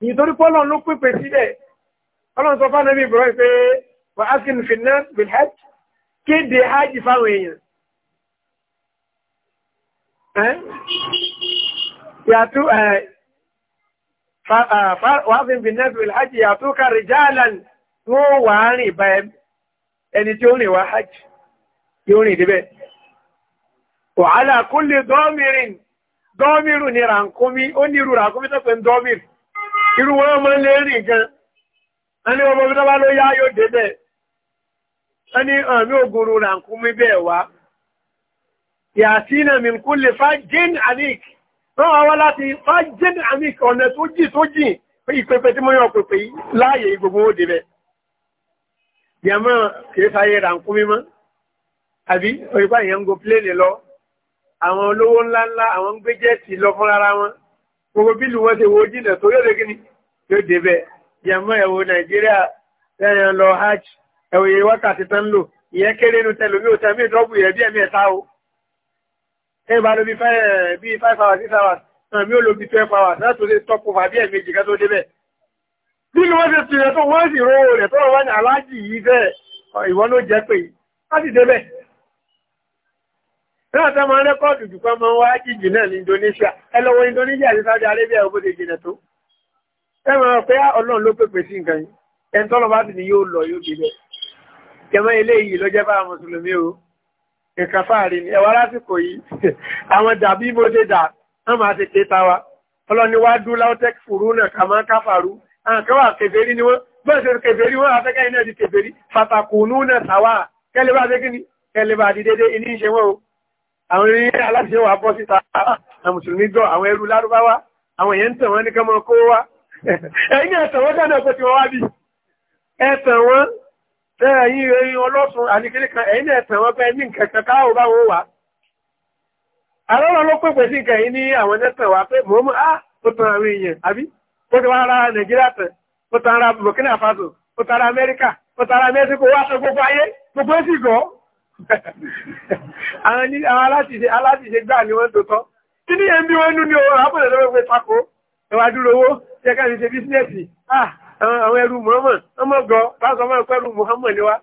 nítorí pọ́lọ̀ ló pèpè síbẹ̀ ọlọ́run sọ fáwọn ẹbí ìbúrọ́ pé wà á sì ń fi náà bil hajj kéde hajj fáwọn èèyàn yàtú wà á sì ń fi náà bil hajj yàtú ka rijalan wọ́n wà á rìn bá ẹni tí ó rìn wá hajj yóò rìn débẹ̀ wàhálà kulli dọ́mìrin dọ́mìrù ni ràǹkómi ó ní irú ràǹkómi tó pè ń dọ́mìrù irú wọn mọ́ lè rìn gan ẹni ọmọ mi tọ́bá ló yá yóò débẹ̀ ẹni àmì ògùnrù ràǹkómi bẹ́ẹ̀ wá yàtínà min kulli fajjin anik wọ́n wá wá láti fajjin anik ọ̀nà tó jì tó jì ìpẹpẹ tí mo yàn pẹpẹ láàyè gbogbo ó débẹ̀ yàmọ́ kìí sáyé ràǹkómi mọ́ àbí òyìnbá ìyẹn ń go pléènì lọ àwọn olówó ńláńlá àwọn ń gbé jẹ́ẹ̀tì lọ fún ara wọn gbogbo bílù wọn ti wo jìnà tó yóò lẹ́gìnì yóò débẹ̀ yàmọ́ ẹ̀wọ̀ nàìjíríà lẹ́yìn lọ hajj ẹ̀wọ̀ yẹ wákàtí tán lò ìyẹn kéré nu tẹ̀lú mi ò tẹ̀ mí ìdọ́gbù yẹ bí ẹ̀mí ẹ̀ta o ẹ̀ bá lo bí five hours six hours náà mi ò lo bí twelve hours láti lè tọ́pù fà bí ẹ̀mí ìjìká tó débẹ̀ nínú wọ́n ti tìrẹ tó wọ́n sì rówó rẹ̀ tó wọ́n ní aláàjì yìí bẹ́ẹ̀ ìwọ́n ló jẹ́ pé yìí láti náà tó máa rẹ́kọ́ọ̀dù jù kan máa wá jìjì náà ní Indonesia ẹ Indonesia àti Saudi Arabia ọgbọ́n ti jìnà tó ẹ máa pé ah, Ọlọ́run ló pèpè sí nǹkan yìí ẹni tọ́lọ́ bá sì ní yóò lọ yóò débẹ̀ jẹmọ́ eléyìí ló bá mùsùlùmí o nǹkan fáàrí ni ẹwà lásìkò yìí àwọn dàbí bó ṣe dà wọ́n máa ṣe ké tawa ọlọ́ni wá dúró láwọ́tẹ́kì fòrú náà kà máa káfàrú àwọn kan wà kèfèrí ni wọ́n bẹ́ẹ̀ ṣe kèfèrí wọ́n afẹ́kẹ́ iná di kèfèrí fàtàkùnú àwọn eré aláṣẹ wà bọ́ síta àwọn mùsùlùmí gbọ́ àwọn ẹrú lárúbáwá àwọn èèyàn tàn wọ́n ní kọ́mọ kó wá ẹ̀yìn ẹ̀tàn wọ́n dáná pé tí wọ́n wá bí ẹ̀tàn wọ́n ẹ̀yìn ẹ̀yìn ọlọ́sùn àníkiri kan ẹ̀yìn ẹ̀tàn wọ́n pẹ́ ní nkẹ̀kẹ́ káwọ́ bá wọ́n wá. àlọ́lọ́ ló pèpè sí nǹkan yìí ní àwọn ẹ̀tàn wá pé mọ́mú á ah, ó tan àwọn èèyàn àwọn aláṣìṣe gbà ní wọ́n tó tọ́ kí ní ẹ̀mí wọ́n nú ní ọwọ́ àbọ̀lẹ̀ lọ́wọ́ pé tako ẹwà dúró owó tẹ́kà ní ṣe bísínẹ̀sì ah, àwọn ẹrù Muhammad ọmọ gọ lásán máa pẹ́rù Muhammad ni wá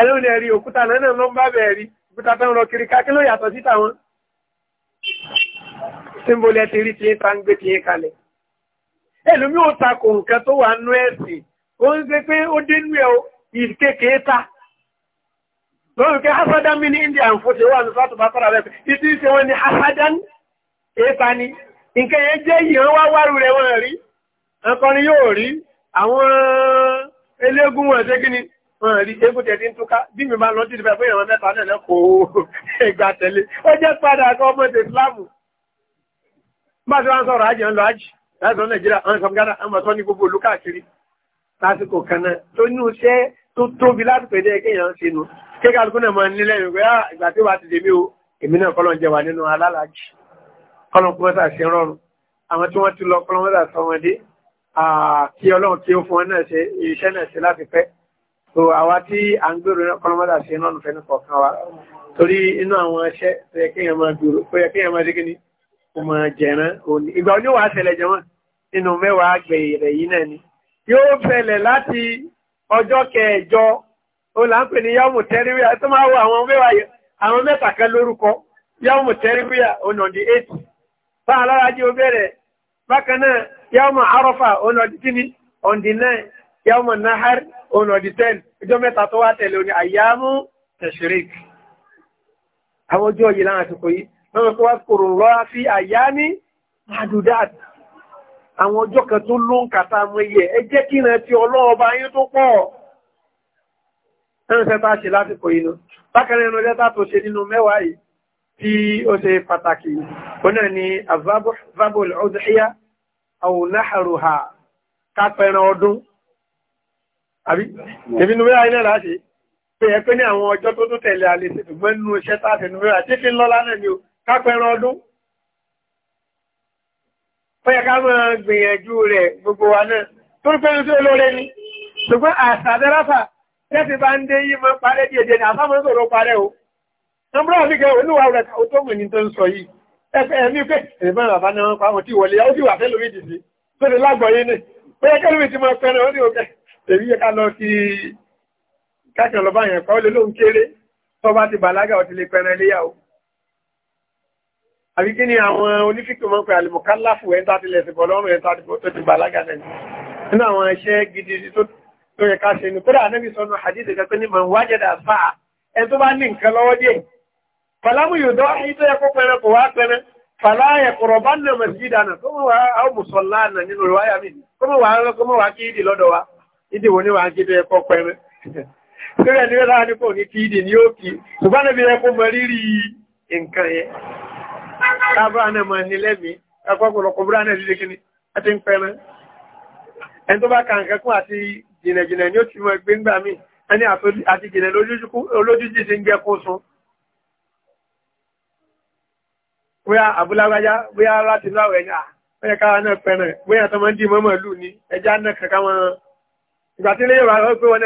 ẹlọ́ni ẹ̀rí òkúta náà lọ bá bẹ̀ẹ̀rí òkúta tó ń rọ kiri ká kí ló yàtọ̀ sí tàwọn símbólì ẹ ti rí tiẹ̀ tá ń gbé tiẹ̀ kalẹ̀ ẹlòmí ò takò nǹkan tó wà nú ẹ̀sìn ó ń ṣe pé ó dénú ẹ̀ ìkékèé ta lórí kí hasadan mi ní india ń fòṣe wà ní sọ́tù bá sọ́rọ̀ rẹ̀ títí ṣe wọ́n ni hasadan ẹta ni nǹkan yẹn jẹ́ ìyàn wá wárú rẹ̀ wọ́n rí akọrin yóò rí àwọn eléégún wọn ṣe gíní wọ́n rí eégún tẹ̀sí ń túká bí mi máa lọ sí ìdìbẹ̀ fún ìrànwọ́ mẹ́ta náà lẹ́kọ̀ọ́ ẹgbà tẹ̀lé ó jẹ́ padà kọ́ ọmọ ti islam bá ti wá ń sọ̀rọ̀ ajẹ́ ń lọ ajì láti sọ nàìjíríà àwọn ìsọ̀m gánà àwọn ọ̀tọ́ ní gbogbo olú káàkiri lásìkò kan náà tó ní iṣẹ́ tó tóbi láti pẹ̀lú ẹgbẹ́ yẹn nù kéka alukóná mọ nílẹ̀ yorùbá yá ìgbà tí wàá ti dèmí o èmi náà kọ́lọ̀ ń jẹ wà nínú alálàájì kọ́lọ̀ kó mọ́tà ṣe rọrùn àwọn tí wọ́n ti lọ kọ́lọ̀ mọ́tà sọ wọn dé kí ọlọ́run kí ó fún wọn náà ṣe iṣẹ́ náà ṣe láti pẹ́ so àwa tí à ń gbèrò kọ́lọ̀ mọ́tà ṣe rọrùn fẹ́ nìkọ̀ọ̀kan wa torí inú àwọn iṣẹ́ tó yẹ kéèyàn máa gbèrò tó yẹ jẹ̀rán òní ìgbà oníwàá ṣẹlẹ̀ jẹ̀wọ̀n inú mẹ́wàá gbèrè yìí náà ni yóò fẹlẹ̀ láti ọjọ́ kẹjọ o la yọ́mù tẹ́ríwíà tó máa wọ àwọn mẹ́wàá àwọn mẹ́ta kan lórúkọ yọ́mù tẹ́ríwíà on on the eight fún alárají ó bẹ̀rẹ̀ bákan náà yọ́mù arọ́fà on on the three on yọ́mù nahar on di the ọjọ́ mẹ́ta tó wá tẹ̀lé oní àyàmú tẹ̀sírìk wá ẹnṣẹ́ tá ṣe lásìkò inú bákanẹ̀ ẹnu lẹ́ta tó ṣe nínú mẹ́wàá yìí tí ó ṣe pàtàkì oná ni avabul ọdúnṣíyá àwònáhàrùhà kápẹran ọdún àbí ìbínú mẹ́wàá iná láti pé ẹ pé ní àwọn ọjọ́ tó tó tẹ̀lé alẹ́ sí ṣùgbọ́n nínú iṣẹ́ tààtẹ̀nú mẹ́wàá tí fi ń lọ́lá náà ni ó kápẹran ọdún ó ṣùgbọ́n àṣà dẹ́ráfà tẹ́fì bá ń dé yí mọ́ parẹ́ díẹ̀díẹ̀ ní àbámọ́ sọ̀rọ̀ parẹ́ o ọmọdé mi kẹ́ olúwa rẹ̀ o tó mọ̀ ní tó ń sọ yìí ẹ̀fẹ́ ẹ̀mí pé ẹ̀mọ́ bàbá náà wọ́n pa àwọn tí wọlé ó sì wà fẹ́ lórí ìdìdì tó lè lágbọ̀ yìí ni ó yẹ kẹ́lùmí ti mọ pẹ́rẹ́ ó ní òkè èyí yẹ ká lọ sí káàkiri ọlọ́ba yẹn pa ó lè lóun kéré tó bá ti bàlágà ó ti lè àbí kí ni àwọn onífíkì mọ́ pé àlùmọ̀kálàfù ẹ̀ ń tá ti lẹ̀ sí bọ̀ ti bàlágà náà nínú àwọn iṣẹ́ gidi tó ló yẹ ká ṣe ní kódà anábì sọnù hadith kẹpẹ ní mọ̀n wájẹ̀dà sáà ẹ tó bá ní nǹkan lọ́wọ́ díẹ̀ fàlámù yóò dọ́ ayé tó yẹ kó pẹrẹ kò wá pẹrẹ fàlá yẹ kọ̀rọ̀ bá nà mẹsìdà nà kó mọ̀ wá àwọn mùsọ̀lá nà nínú rẹ̀ wáyà mi kó mọ̀ wá kó mọ̀ wá kí ìdì lọ́dọ̀ wa ìdì wo ni wà á kí tó yẹ kó pẹrẹ síbẹ̀ ní wẹ́n láwọn nípò ní kí ìdì ní ó kí ṣùgbọ́n níbi yẹ kó mọ rírì nǹkan jìnàjìnà ni ó ti mọ ẹgbẹ́ ńgbà mí ẹni àti jìnà olójújì ti ń jẹ́ kó sun bóyá àbúlágbájá bóyá láti láwẹ̀ ẹ̀yà bóyá káwà náà pẹ̀rẹ̀ bóyá tó máa ń dì mọ́mọ̀ lù ní ẹjá náà kankan wọn ìgbà tí lè rà wọ́n pé pa òun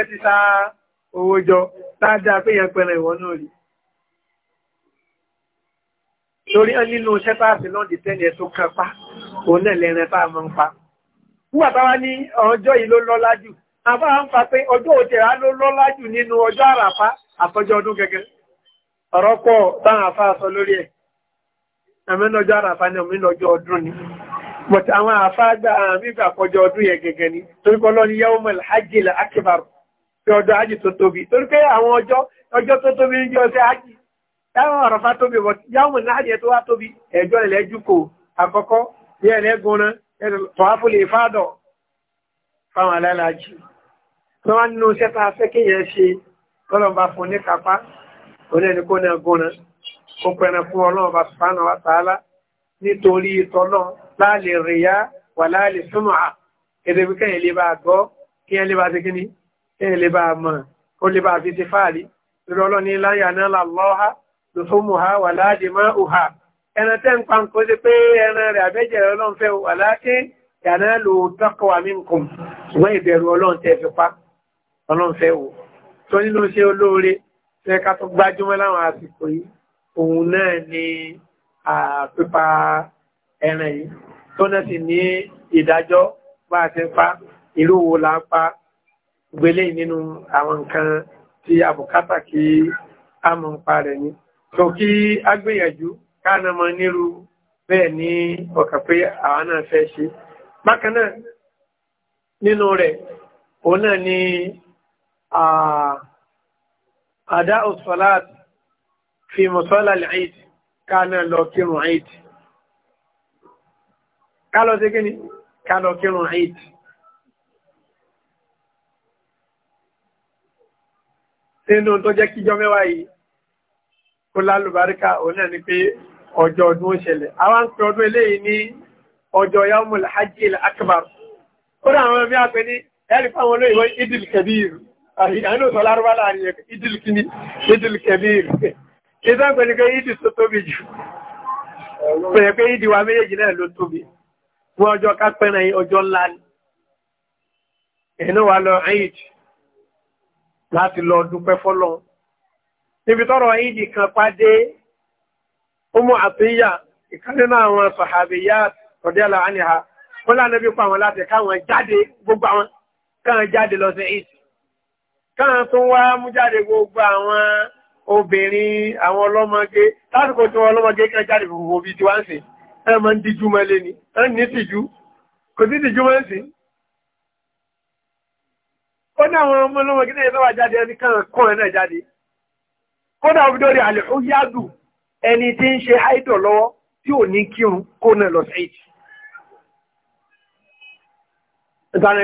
náà lẹ́rẹ̀ tá a máa ń ní ọjọ́ yìí lọ́lá jù àbá ń fa pé ọjọ́ òtẹ̀rá ló lọ́lá jù nínú ọjọ́ àràfá àtọjọ́ ọdún gẹ́gẹ́ ọ̀rọ̀ pọ̀ táwọn àfá sọ lórí ẹ̀ àmẹ́lọ́jọ́ àràfá ni ọmọlọ́jọ́ ọdún ni but àwọn àfá gba àmìgbà kọjọ ọdún yẹn gẹ́gẹ́ ni torípọ̀ lọ́ni yawmal hajjil akbar pé ọjọ́ hajj tó tóbi torí pé àwọn ọjọ́ tó tóbi jọ sí táwọn àràfá tóbi but tó wá tóbi ẹjọ́ àkọ́kọ́ tó wá nínú iṣẹ́ tá a fẹ́ kéèyàn ṣe kọ́lọ̀mbà fún ní kápá onílẹ̀ kó náà gúnran kó pẹ̀rẹ̀ fún ọlọ́run bá subhanahu wa ta'ala nítorí tọ́lọ́ láàlè rìyá wà láàlè súnmọ́ à èdè bí kẹ́yìn lè bá gbọ́ kí ẹ lè bá ti kíní kẹ́yìn lè bá mọ̀ ó lè bá fi ti fáàrí lórí ọlọ́run ní láyé àná làlọ́ha lùsùnmù ha ìyànà lò taqwa minkum ṣùgbọ́n ìbẹ̀rù ọlọ́run tẹ́ fi pa ọlọ́run fẹ́ wò tó nínú iṣẹ́ olóore fẹ́ ká tó gbájúmọ́ láwọn àsìkò yìí òun náà ni pípa ẹran yìí tó náà sì ní ìdájọ́ bá a ti pa ìlú wo là pa gbélé nínú àwọn nǹkan tí àbùkátà kí a mọ̀ pa rẹ̀ ni tó kí a gbìyànjú káàna mọ nírú bẹ́ẹ̀ ní ọkàn pé àwọn náà fẹ́ ṣe bákan náà nínú rẹ̀ òun náà ni àdá òsọ́láàt fi mọ̀sọ́lá l'áìd káàná lọ kírun àìd kálọ̀ sí kí ni kálọ̀ kírun àìd nínú tó jẹ́ kíjọ mẹ́wàá yìí kó lálùbáríkà òun náà ni pé ọjọ́ ọdún òṣẹlẹ̀ àwọn ń pè ọdún eléyìí ní ọjọ́ yaumul hajji al-akbar ó dá àwọn ẹgbẹ́ àpẹ ní ẹ̀rí fáwọn àìlòsọ lárúbá láàrin ìdìl kìíní ìdìl kẹbíir ìdán pẹ̀lú pé ìdì tó tóbi jù pẹ̀lú pé ìdì wa méjèèjì náà ló tóbi wọ́n ọjọ́ kápẹ́rẹ́ ọjọ́ ńlá ni ẹ̀nà wa lọ eid láti lọ dúpẹ́ fọ́lọ́ níbi tọ́rọ eid kan pàdé Umu Atiyya ìkànnínà àwọn sahabiyyat radiyallahu anha wọ́n lánàá bí pa àwọn láti káwọn jáde gbogbo àwọn káwọn jáde lọ sí eid káà tó wá mú jáde gbogbo àwọn obìnrin àwọn ọlọ́mọge lásìkò tí wọ́n ọlọ́mọge kan jáde gbogbo bí ti wá ń sìn ẹ máa ń díjú mọ́lé ni ẹ ní tìjú kò sí tìjú mọ́ ń sìn ó ní àwọn ọmọ ọlọ́mọge náà tó wà jáde ẹni kan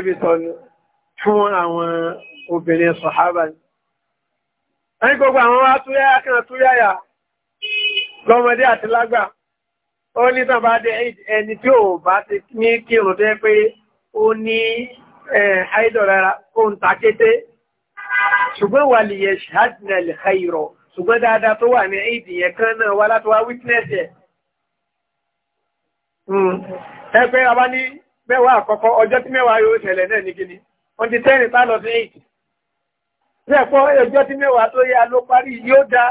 ní fún àwọn obìnrin sọ̀hábà ní ẹni gbogbo àwọn wá túyáyà kan túyáyà lọ́mọdé àti lágbà ó ní tàn bá dé ẹni tí ó bá ti ní kírun tẹ́ pé ó ní àìdọ̀ rárá ó ń ta kété ṣùgbọ́n wà lè yẹ ṣáàdìnà lè ha ìrọ̀ tá hmm. lọ sí Lẹ́pọ̀ ẹjọ́ tí mẹ́wàá tó yá ló parí yóò dá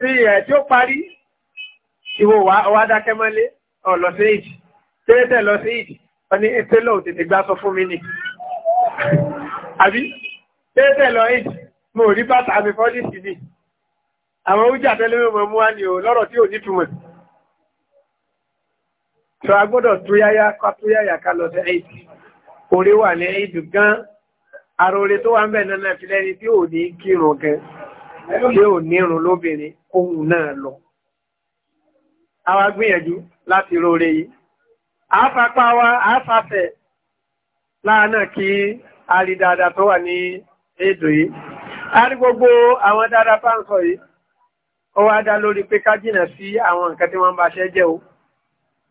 sí ẹ̀ tí ó parí. Ìwò wá dákẹ́ mọ́lé ọ̀lọ́ sí ìdí. Tẹ́lẹ̀tẹ̀ lọ sí ìdí. Wọ́n ní ìtẹ́lọ̀ òtìtì gbá sọ fún mi nì. Àbí? Tẹ́lẹ̀tẹ̀ lọ ìdí. Mo rí bàtà àmì fọ́lísì ni. Àwọn oúnjẹ àtẹ́lẹ́mọ̀ mọ̀ mú wá ní o lọ́rọ̀ tí ò ní túmọ̀. Sọ agbọ́dọ̀ túyáyá ká túyáyá ká lọ sí ìdí. Orí wà ní ìdù gan àròrè tó wà ń bẹ̀ náà fi lẹ́ni tí ò ní kírun gan tí ò nírun lóbìnrin kóhun náà lọ àwa gbìyànjú láti rore yìí àáfapá wa àáfàfẹ́ láàánà kí a rí dáadáa tó wà ní èdò yìí a rí gbogbo àwọn dáadáa fáǹsọ yìí ó wá dá lórí pé ká jìnà sí àwọn nǹkan tí wọ́n bá ṣẹ́ jẹ́ o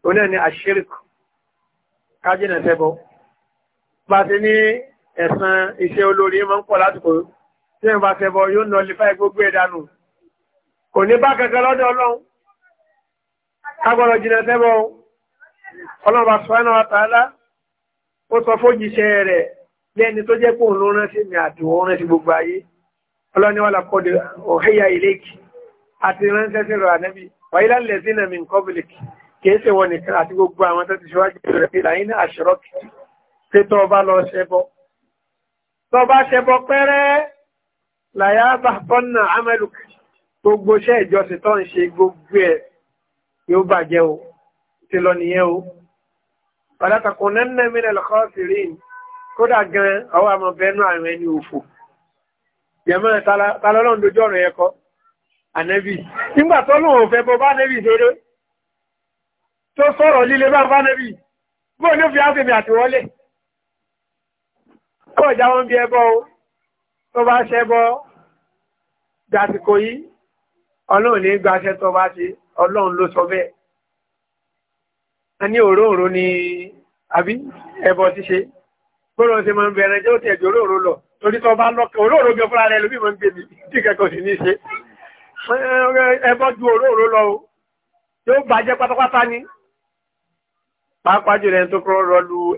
ó náà ni àṣírìkù ká jìnà bá ti ní ẹ̀sán iṣẹ́ olórí máa ń pọ̀ látìkò tí wọ́n bá fẹ́bọ yóò nà lífà gbogbo ẹ̀dánù kò ní bá kẹta lọ́dọ̀ ọlọ́run kágbọ́rọ̀ jìnà sẹ́bọ ọlọ́run bá sọ́nà àtàlá ó sọ fójíṣẹ́ rẹ̀ lẹ́ni tó jẹ́ pòun ló rántí mi àdùn rántí gbogbo ayé ọlọ́ni wà lápọ̀dé ọ̀hẹ́yà ìlẹ́kì àti ránṣẹ́ sí rọ̀ ànẹ́bí wáyílá lẹ́sí náà mi nǹkan bìlìkì kìí ṣe wọn nìkan àti gbogbo àwọn tó ti ṣíwájú rẹ̀ pé láyé ní àṣírọ́kì pé tó ọba lọ ṣẹbọ tó bá ṣẹbọ pẹ́rẹ́ làyà bá bọ́nà amẹ́lùkì gbogbo iṣẹ́ ìjọsìn tó ń ṣe gbogbo ẹ̀ yóò bàjẹ́ o ti lọ nìyẹn o pàdátàkùn nẹ́nà mílẹ̀ lọ́kọ́ sírí kódà gan àwọn àmọ́ bẹnu àrùn ẹni òfò yẹmọ́ talọ́lọ́n dojú ọ̀rọ̀ yẹ kọ́ ànẹ́bì nígbà tó lóun ò fẹ́ bá nẹ́bì ṣeré tó sọ̀rọ̀ líle bá bá nẹ́bì bóun ní fi á kọ́ ìjà wọn bí ẹbọ o tó bá ṣẹbọ dàsìkò yìí ọlọ́run ní gbaṣẹ́ tó bá ṣe ọlọ́run ló sọ bẹ́ẹ̀ a ní òróòró ni àbí ẹbọ ti ṣe gbọ́dọ̀ ṣe máa ń bẹ̀rẹ̀ jẹ́ ó ti ẹ̀jọ́ òróòró lọ torí tó bá lọ́kẹ̀ òróòró gan fúnra rẹ̀ lóbi máa ń gbèmí tí kẹ́kọ̀ọ́ sì ní ṣe ẹbọ ju òróòró lọ o yóò bàjẹ́ pátápátá ni pàápàá jùlọ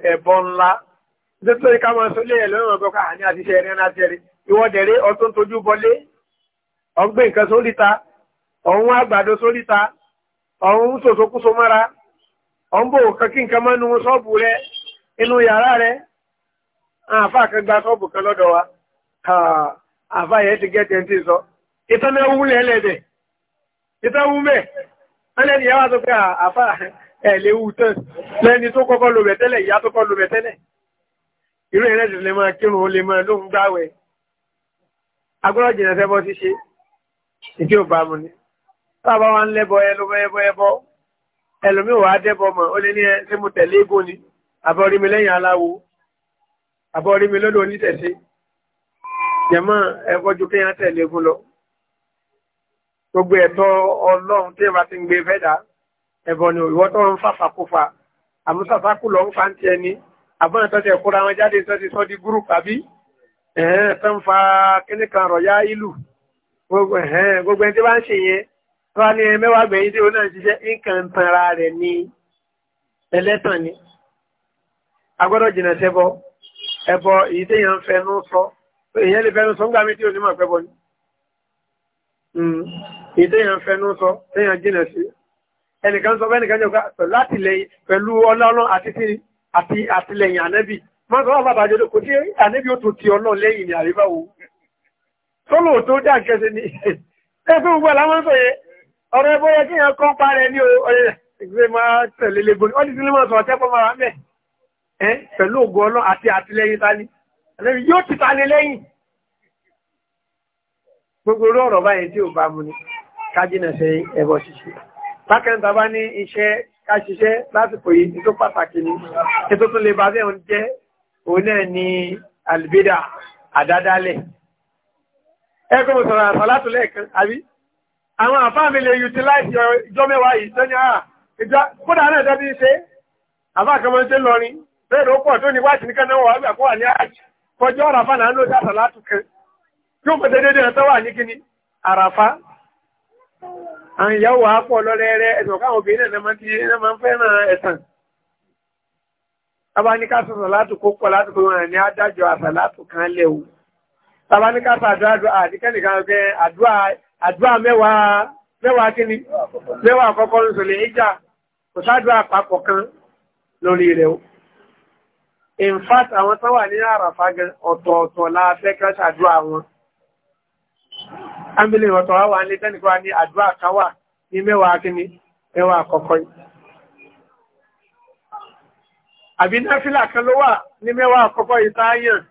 ẹni nítorí ká máa sólé ẹ̀ lọ́rùn ọ̀gbọ́n ká ní àtiṣe ẹ̀rẹ́ láti ẹ̀rẹ́ ìwọ́dẹ̀rẹ́ ọtún tójú bọlé ọgbẹ́ nǹkan sóríta ọ̀hún àgbàdo sóríta ọ̀hún sòsókúso mára ọ̀hún bò kankí nǹkan mọ́nu rẹ inú yàrá rẹ kan gba kan lọ́dọ̀ wa sọ irú ẹ̀rẹ́ sì lè máa kírun ó lè máa lóhun gbáwẹ̀ agbọ́dọ̀ jìnà sẹ́bọ́ ti ṣe ìdí ò bá mu ni bàbá wa ń lẹ́bọ ẹlọ́bọ ẹbọ ẹbọ ẹlòmíì wàá dẹ́bọ mọ̀ ó lé ní ẹ ṣé mo tẹ̀lé eégún ni àbọ̀ rí mi lẹ́yìn aláwo àbọ́nà tó ti ẹ̀kúra wọn jáde tó ti sọ di gúrùpù àbí ẹ̀hẹ́n tó ń fa kíní kan rọ̀yá ìlú gbogbo ẹni tí bá ń ṣe yẹn tó wá ní mẹ́wàá gbẹ̀yìn tí ó náà ṣiṣẹ́ nǹkan tanra rẹ̀ ní ẹlẹ́tàn ni agbọ́dọ̀ jìnà sẹ́bọ ẹbọ èyí tí èèyàn fẹnu sọ èèyàn lè fẹnu sọ ń gbà mí tí ò ní mọ̀ pẹ́bọ ni hmm, èyí tí èèyàn fẹnu sọ téèyàn jìnà sí ẹnìkan sọ fẹ́nìkan jọ láti lẹ́yìn pẹ̀lú ọlọ́run àti tíri àti àtìlẹyìn ànẹ́bì mọ́sán wà bàbá jẹ́ kò tí ànẹ́bì ó tó ti ọlọ́ lẹ́yìn ní àríwá o sólò tó dá kẹsẹ̀ ní ẹgbẹ́ gbogbo àwọn sọ yẹ ọ̀rọ̀ ẹbọ yẹ kí yẹn kọ́ pa rẹ̀ ní ọ̀rẹ́ ìgbé máa tẹ̀lé tani ànẹ́bì yóò tani lẹ́yìn gbogbo orú ọ̀rọ̀ báyìí tí ò bá mu ni kájínà ṣe ẹbọ ṣíṣe ká ṣiṣẹ́ lásìkò yìí ní tó pàtàkì ní ètò tó lè bá bẹ́ẹ̀ ń jẹ́ òun náà ni albida àdádálẹ̀ ẹgbẹ́ mo sọ̀rọ̀ àṣà látúlẹ̀ kan àbí àwọn àfáà mi lè utilize ìjọ mẹ́wàá yìí tó ní àà ah, ìjọ kódà náà tó ti ṣe àfáà kan mọ́ ṣe lọrin bẹ́ẹ̀ ló pọ̀ tó ní wáṣí nìkan náà wà wíwà kó wà ní àjì kọjọ́ àràfà náà ló dá látù kan yóò mọ̀ déédéé tó wà ní kíní àràfà àyàwó àpọ̀ lọ́rẹ́rẹ́ ẹ̀sùn káwọn obìnrin náà ti náà máa ń fẹ́ràn ẹ̀sàn tabaníkàsà sàlátù kókò látù kó wọn ní adájọ́ àsàlátù kan lẹ́wù tabaníkàsà àdúrà àdíkẹ́nìkan fẹ́ àdúrà mẹ́wàá kíni mẹ́wàá àkọ́kọ́ ń sọlẹ̀ ìjà kò sádùn àpapọ̀ kan lórí rẹ̀ o in fact àwọn tó wà ní àràfà ọ̀tọ̀ọ̀tọ̀ la fẹ́ kẹ́ sàdúrà wọn ámbílì ìwọ̀tọ̀ wá wà ní tẹ́nìkọ́ ní àdúrà kan wà ní mẹ́wàá kíní mẹ́wàá àkọ́kọ́ yìí àbí náfílà kan ló wà ní mẹ́wàá àkọ́kọ́ yìí táyàn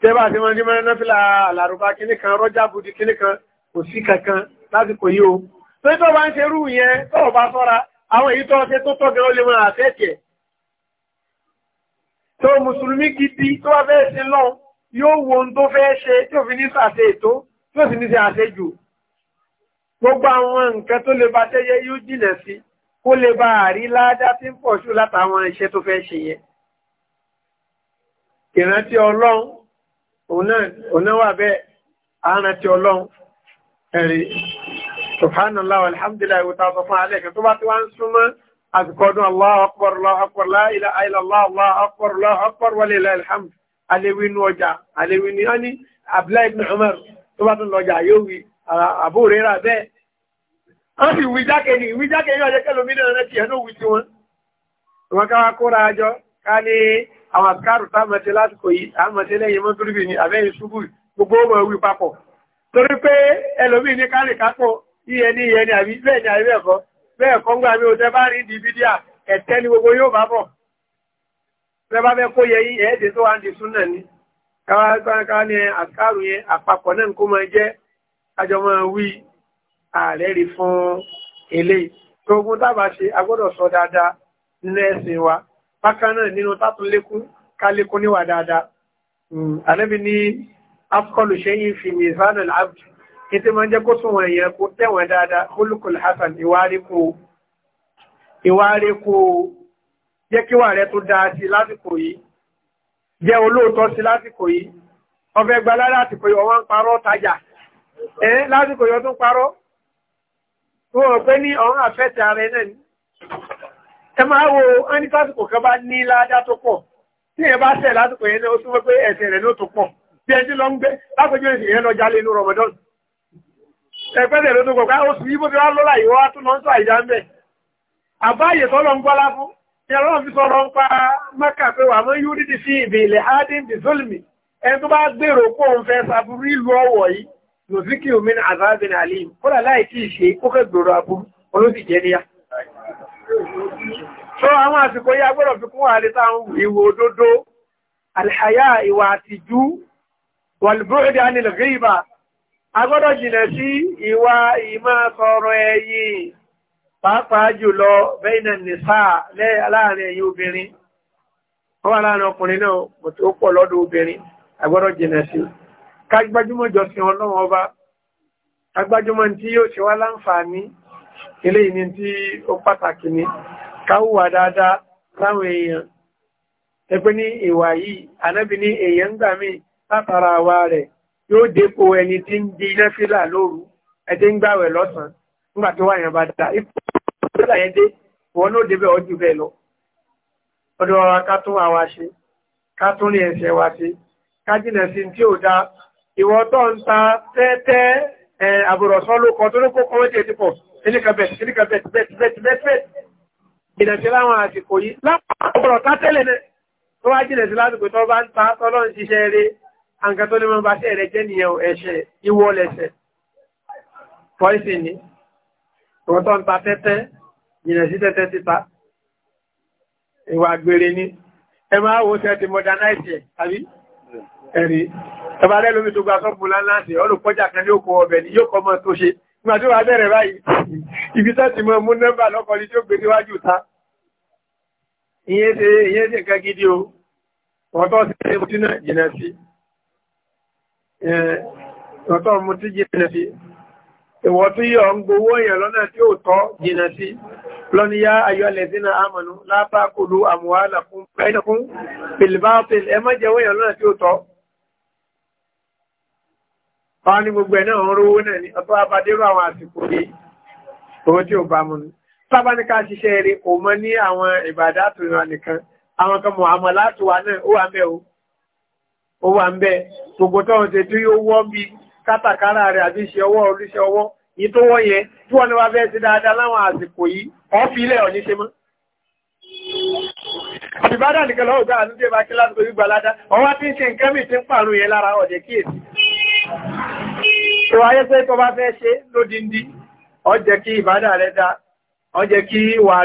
tẹ́bà tí wọ́n ní mẹ́rin náfílà àlàrúbá kíní kan rọ́jà bùdí kíní kan kò sí kankan lásìkò yìí o tó tó bá ń ṣe rú yẹn tó ò bá sọ́ra àwọn èyí tó ṣe tó tọ́ gẹ̀rọ lè máa àfẹ́ẹ̀kẹ́ tó mùsùlùmí gidi tó wá fẹ́ ṣe lọ yóò wo ohun tó fẹ́ ṣe tí òfin ní sàṣe ètò tí ó sì ní sí àṣejù gbogbo àwọn nǹkan tó lè bá tẹ́yẹ yóò jìnà sí kó lè bá àrí ládá tí ń pọ̀ ṣù látàwọn iṣẹ́ tó fẹ́ ṣe yẹ ìrántí ọlọ́run òun náà wà bẹ́ẹ̀ àrántí ọlọ́run ẹ̀rí subhanallah alhamdulillah ìwòta ọ̀sọ̀ fún alẹ́ kan tó bá ti wá ń súnmọ́ àsìkò ọdún allah akbar tó bá tún lọ́jà yóò wí àbò rẹ̀ rà bẹ́ẹ̀ wọ́n sì wí jákè ní ìwí jákè ní ọjọ́ kẹlòmí náà rẹ̀ tiẹ̀ náà wí wọ́n ká kóra ká ní àwọn lásìkò gbogbo ọmọ papọ̀ torí pé ní kárì kápọ̀ iye ní iye ní àbí bẹ́ẹ̀ àbí bẹ́ẹ̀ kọ́ o tẹ́ bá rí ẹ̀tẹ́ ni gbogbo yóò bá bọ̀ tẹ́ bá fẹ́ kó yẹ yí ẹ̀ẹ́dẹ̀ tó káwàá ní àkàrù yẹn àpapọ̀ náà kó máa jẹ́ kájọ máa wí ààrẹ rí fún eléyìí tó ogun tábà ṣe agbọ́dọ̀ sọ dáadáa nínú ẹ̀sìn wa bákan náà nínú tátún lékún ká lékún níwà dáadáa hmm, àlẹ́bí ní afkọlù ṣẹ́yìn fi ní ìsánà láàbù ètè máa jẹ́ kó sùn wọ̀nyẹn kó tẹ̀wọ̀n dáadáa kó jẹ́ jẹ́ olóòtọ́ sí lásìkò yìí ọfẹ́ gbalá lásìkò yìí ọwọ́n ń parọ́ tajà ẹ̀ lásìkò yìí ọdún parọ́ tó wọ́n pé ní ọ̀rún àfẹ́tẹ̀ ara ẹ̀nà ni ẹ máa wo ẹni lásìkò kan bá ní ládá tó pọ̀ tí ẹ bá sẹ̀ lásìkò yẹn ó túnmọ́ pé ẹ̀sẹ̀ rẹ̀ ló tó pọ̀ bí ẹni lọ ń gbé lápẹjú èsì yẹn lọ jalè inú rọmọdọ́n ẹgbẹ́sẹ̀ ló tó pọ̀ ká oṣù yìí bó ti wá lọ́la ìwọ́ wá tún lọ ń sọ àìdá ń bẹ̀ àbáyè tọ́lọ ń gbọ́lá fún Ìyàrá fi sọ̀rọ̀ ń pa Mẹ́kà pé wà mọ́ yóò dídì sí ìbè ilẹ̀ Adin di Zulmi, ẹni tó bá gbèrò pé òun fẹ́ sàbúrú ìlú ọ̀wọ̀ yìí, Lòsíkì Omin Azazin Alim, kódà láì tí ì ṣe kó kẹ́ gbèrò aburú, olóòsì jẹ́ níyà. Sọ àwọn àsìkò yá gbọ́dọ̀ fi kún àlè táwọn ìwò òdodo, àlìhàyà ìwà àtijú, wàlúbúrúdì anil ghiba, agbọ́dọ̀ jìnà sí ìwà ìmọ̀ pàápàá jùlọ bẹ́ẹ̀nà nìsá láàrin ẹ̀yìn obìnrin wọ́n wà láàrin ọkùnrin náà mọ̀tí ó pọ̀ lọ́dọ̀ obìnrin agbọ́dọ̀ jìnà sí kágbájúmọ̀ jọsìn ọlọ́run ọba agbájúmọ̀ tí yóò ṣe wá láǹfààní ilé ìní tí ó pàtàkì ní káwùwà dáadáa láwọn èèyàn ní ìwà yìí anábì ní èèyàn gbà mí látara àwa yóò dépò ẹni tí ń di iná fílà lóru ẹ ti ń án nígbà tó wà nígbà yẹn dé wọn ló débẹ̀ ọdún bẹ́ẹ̀ lọ ọdún ọ̀rọ̀ ká tún wà wá ṣe ká tún rí ẹ̀ṣẹ̀ wá ṣe ká jìnà sí tí ò dá ìwọ tó ń ta tẹ́tẹ́ àbùrọ̀sán ló kọ tó ló kó kọ́wé tẹ̀ tipọ̀ sílíkàbẹ̀t sílíkàbẹ̀t bẹ́ẹ̀tibẹ́ẹ̀tibẹ́ẹ̀tibẹ́ẹ̀t jìnà sí láwọn àsìkò yìí lápapọ̀ ká tẹ́lẹ̀ náà tó wá jìnà sí lásìkò jìnà sí tẹ́tẹ́ títa ìwà àgbèrè ni ẹ máa wo tẹ́tí modernize àbí ẹ̀rí ẹbá lẹ́lómi tó gba sọ́pù láńláńsì ọlùpọ́jà kan ní òkú ọbẹ̀ ni yóò kọ́ mọ́ tó ṣe nígbà tí wà bẹ̀rẹ̀ báyìí ibi tẹ́tí mọ́ mú nẹ́mbà lọ́kọ̀ọ́lì tí ó gbé níwájú ta ìyẹn ìwọ tí yọ ń gbowó èèyàn lọ́nà tí ó tọ́ jìnà sí lọ́níyá ayyuhallazina amanu la ta'kulu amwalakum bainakum bil batil ẹ má jẹ́wọ́ èèyàn lọ́nà tí ó tọ́ wọ́n ní gbogbo ẹ̀ náà ń rówó náà ní ọ̀tọ́ abadérò àwọn àsìkò yìí owó tí ó bá mú ní sábáníká ṣiṣẹ́ rí kò mọ́ ní àwọn ìbàdá gbogbo tọ́run ṣe kátàkárà rẹ̀ àbí iṣẹ́ ọwọ́ oríṣẹ́ ọwọ́ yìí tó wọ́n yẹn tí wọ́n ni wá fẹ́ sí dáadáa láwọn àsìkò yìí ọ́fílẹ̀ ọ̀ní ṣe mọ́ nìkan lọ́wọ́ gbà àdúgbò bá kí tí ń ṣe nǹkan mìí tí ń pààrùn yẹn lára ọ̀dẹ̀ kíyèsí tó bá fẹ́ ṣe lódindi kí ìbádà rẹ̀ dá ó kí ìwà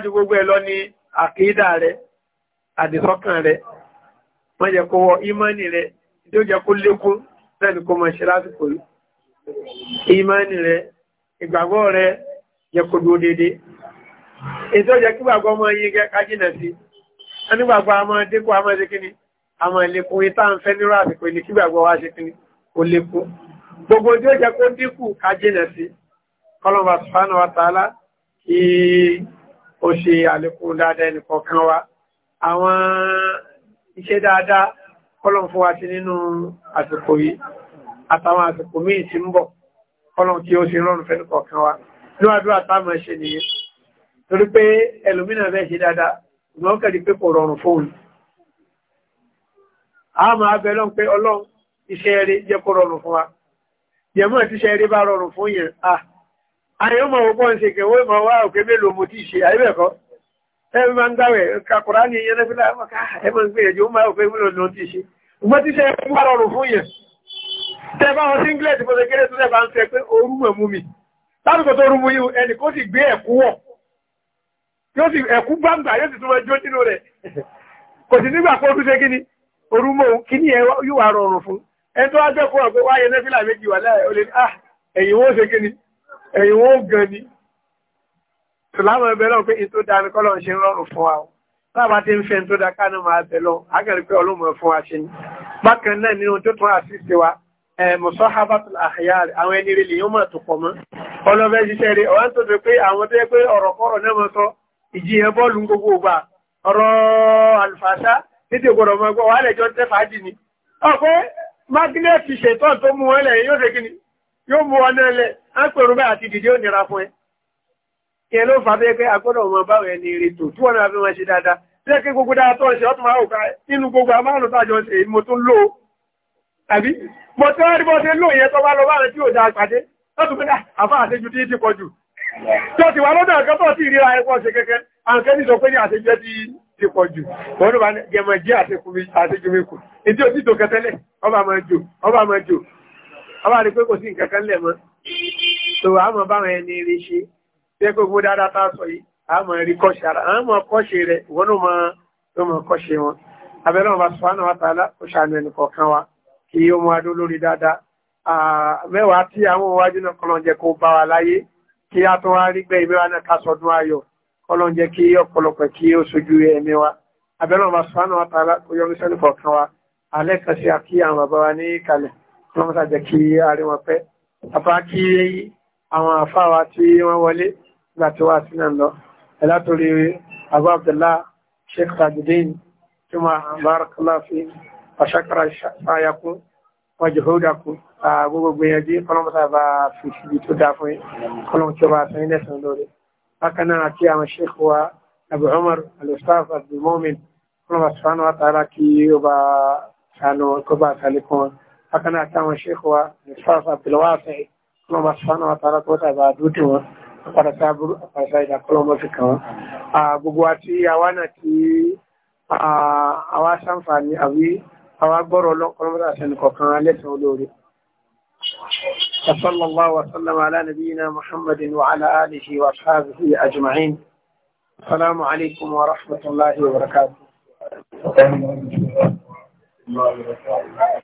gbogbo àkídà rẹ̀ àdìsọ́kàn rẹ̀ wọ́n jẹ́ kó wọ ìmánì rẹ̀ tí ó jẹ́ kó lékún lẹ́nu kó máa ṣe lásìkò yìí ìmánì rẹ̀ ìgbàgbọ́ rẹ̀ jẹ́ kó dúró dédé ètò jẹ́ kí gbàgbọ́ ọmọ yìí gẹ́ kájínà sí ẹnigbàgbọ́ a máa dínkù a máa ṣe kíní a máa lékún ìta ń fẹ́ nírò àsìkò ní kí gbàgbọ́ wá ṣe kíní kó lékún gbogbo tí ó jẹ́ kó dínkù kájínà sí kọlọ̀mà sùfánà wa tààlà kí ó ṣe àlékún dáadáa ẹnìkọ̀ọ̀kan wa àwọn iṣẹ́ dáadáa kọ́lọ̀n fún wa ti nínú àsìkò yìí àtàwọn àsìkò míì ti ń bọ̀ kọ́lọ̀n kí ó ṣe rọrùn fẹ́ nìkọ̀ọ̀kan wa níwájú àtàmọ̀ ṣe nìyẹn torí pé ẹlòmínà bẹ́ẹ̀ ṣe dáadáa àyẹ́ mọ̀ ọgbọ́n ń ṣe kẹwọ́ ìmọ̀ wá òkè mélòó mo ti ṣe àyẹ́bẹ̀kọ́ ẹ̀mí máa ń dáwẹ̀ kakùrá ní iye lẹ́fílà ẹ̀mọ̀ gbìyànjú máa òkè mélòó ló ti ṣe ṣùgbọ́n tí ṣe ń bá rọrùn fún yẹn tẹ bá wọn singlet bó ṣe kéré tó lẹ́bà ń sẹ pé orú mọ̀ mú mi lásìkò tó rú mu yìí ẹnì kó sì gbé ẹ̀kú wọ̀ yóò sì ẹ̀kú gbàǹgbà yóò sì tún máa nínú rẹ̀ kò sì nígbà pé orú ṣe kíni orú mọ̀ kíní ẹ yóò wà rọrùn fún ẹni tó wá jẹ́ kó wà pé wáyé lẹ́fílà méjì wà láì ó lè ní ah ẹ̀yìn wọ́n ṣe kíni ẹ̀yìn wọn gan ni tùlámọ̀ ẹbẹ̀ lọ pé ètò dání kọ́lọ̀ ṣe rọrùn fún wa láàbá tí ń fẹ́ tó dá kánú máa bẹ̀ lọ agẹ̀rẹ̀ pé ọlọ́mọ̀ fún wa ṣe ni bákan náà nínú tó tún àṣìṣe wa musahabatul ahyar àwọn ẹni rẹ̀ lèyàn máa tó pọ̀ mọ́ ọlọ́fẹ́ ṣiṣẹ́ rẹ̀ ọ̀hán tó tó pé àwọn tó yẹ pé ọ̀rọ̀ kọ́rọ̀ yóò mú ọ̀nà ẹlẹ̀ ápẹ̀rún bá àti dìde ó nira fún ẹ ìyẹn ló fà bẹ́ẹ̀ pé agbọ́dọ̀ ọmọ báwọ̀ ẹni rí tò tí wọ́n náà fi wọ́n ṣe dáadáa tí ẹkẹ́ gbogbo dáa tó ń ṣe ọtún máa òkà nínú gbogbo amárùn tàjọ ṣe mo tún lò ó àbí mo tí wọ́n rí bọ́ ṣe lò yẹn tó bá lọ báwọn tí ò dáa pàdé lọ́tún pé àfá àṣejù tí ti tó ti wà ọba rí pé kò sí nǹkan kan lẹ̀ mọ́ tó àmọ́ báwọn ẹni rí ṣe tí ẹ gbogbo dáadáa tá a sọ yìí àmọ́ rí kọ́ṣe ara àmọ́ kọ́ṣe rẹ̀ ìwọ́n ló mọ ló mọ kọ́ṣe wọn abẹ́rẹ́ wọn bá subhanahu wa ta'ala ó ṣàánú ẹnì kọ̀ọ̀kan wa kí ó mú adó lórí dáadáa mẹ́wàá tí àwọn iwájú náà kọ́lọ́njẹ kó bá wa láyé kí a tó wá rí gbẹ́ ìmẹ́wàá náà ká sọdún ayọ̀ kọ́lọ́njẹ kí ọ̀pọ̀lọpọ̀ kí ó sojú ẹ̀mí wa abẹ́rẹ́ wọn bá subhanahu wa ta'ala kó yọrí ọlọ́mọ́sá jẹ́ kí ààrẹ wọn pẹ́ apá kí àwọn àfáwà tí wọ́n wọlé nígbà tí wá sí náà lọ ẹ̀látorí abu abdullah sheikh tajudeen tí wọ́n bárakàlá fi ọ̀ṣàkàrà ṣáyàkú wọ́n jùhódàkú gbogbo gbìyànjú ọlọ́mọ́sá bá fi síbi tó dáa fún ọlọ́mọ́ tí ó bá sẹ́yìn lẹ́sàn lórí umar al-ustaz abdulmumin ọlọ́mọ́ sọ́nà wa tààrà kí ó bá sànù hakana kan shehu wa Nisaf Abdulwafi kuma ba su fana wata rata wata ba dutu wa a kwarasa buru a kwarasa da kuma mafi kawo. A buguwa ti ya wana ti a wasan fani a wi a wa goro lon kuma mata sani ko kan halitta olori. Ta sallallahu wa sallama ala nabiyina Muhammadin wa ala alihi wa sahabihi jima'in. Assalamu alaikum wa rahmatullahi wa barakatu.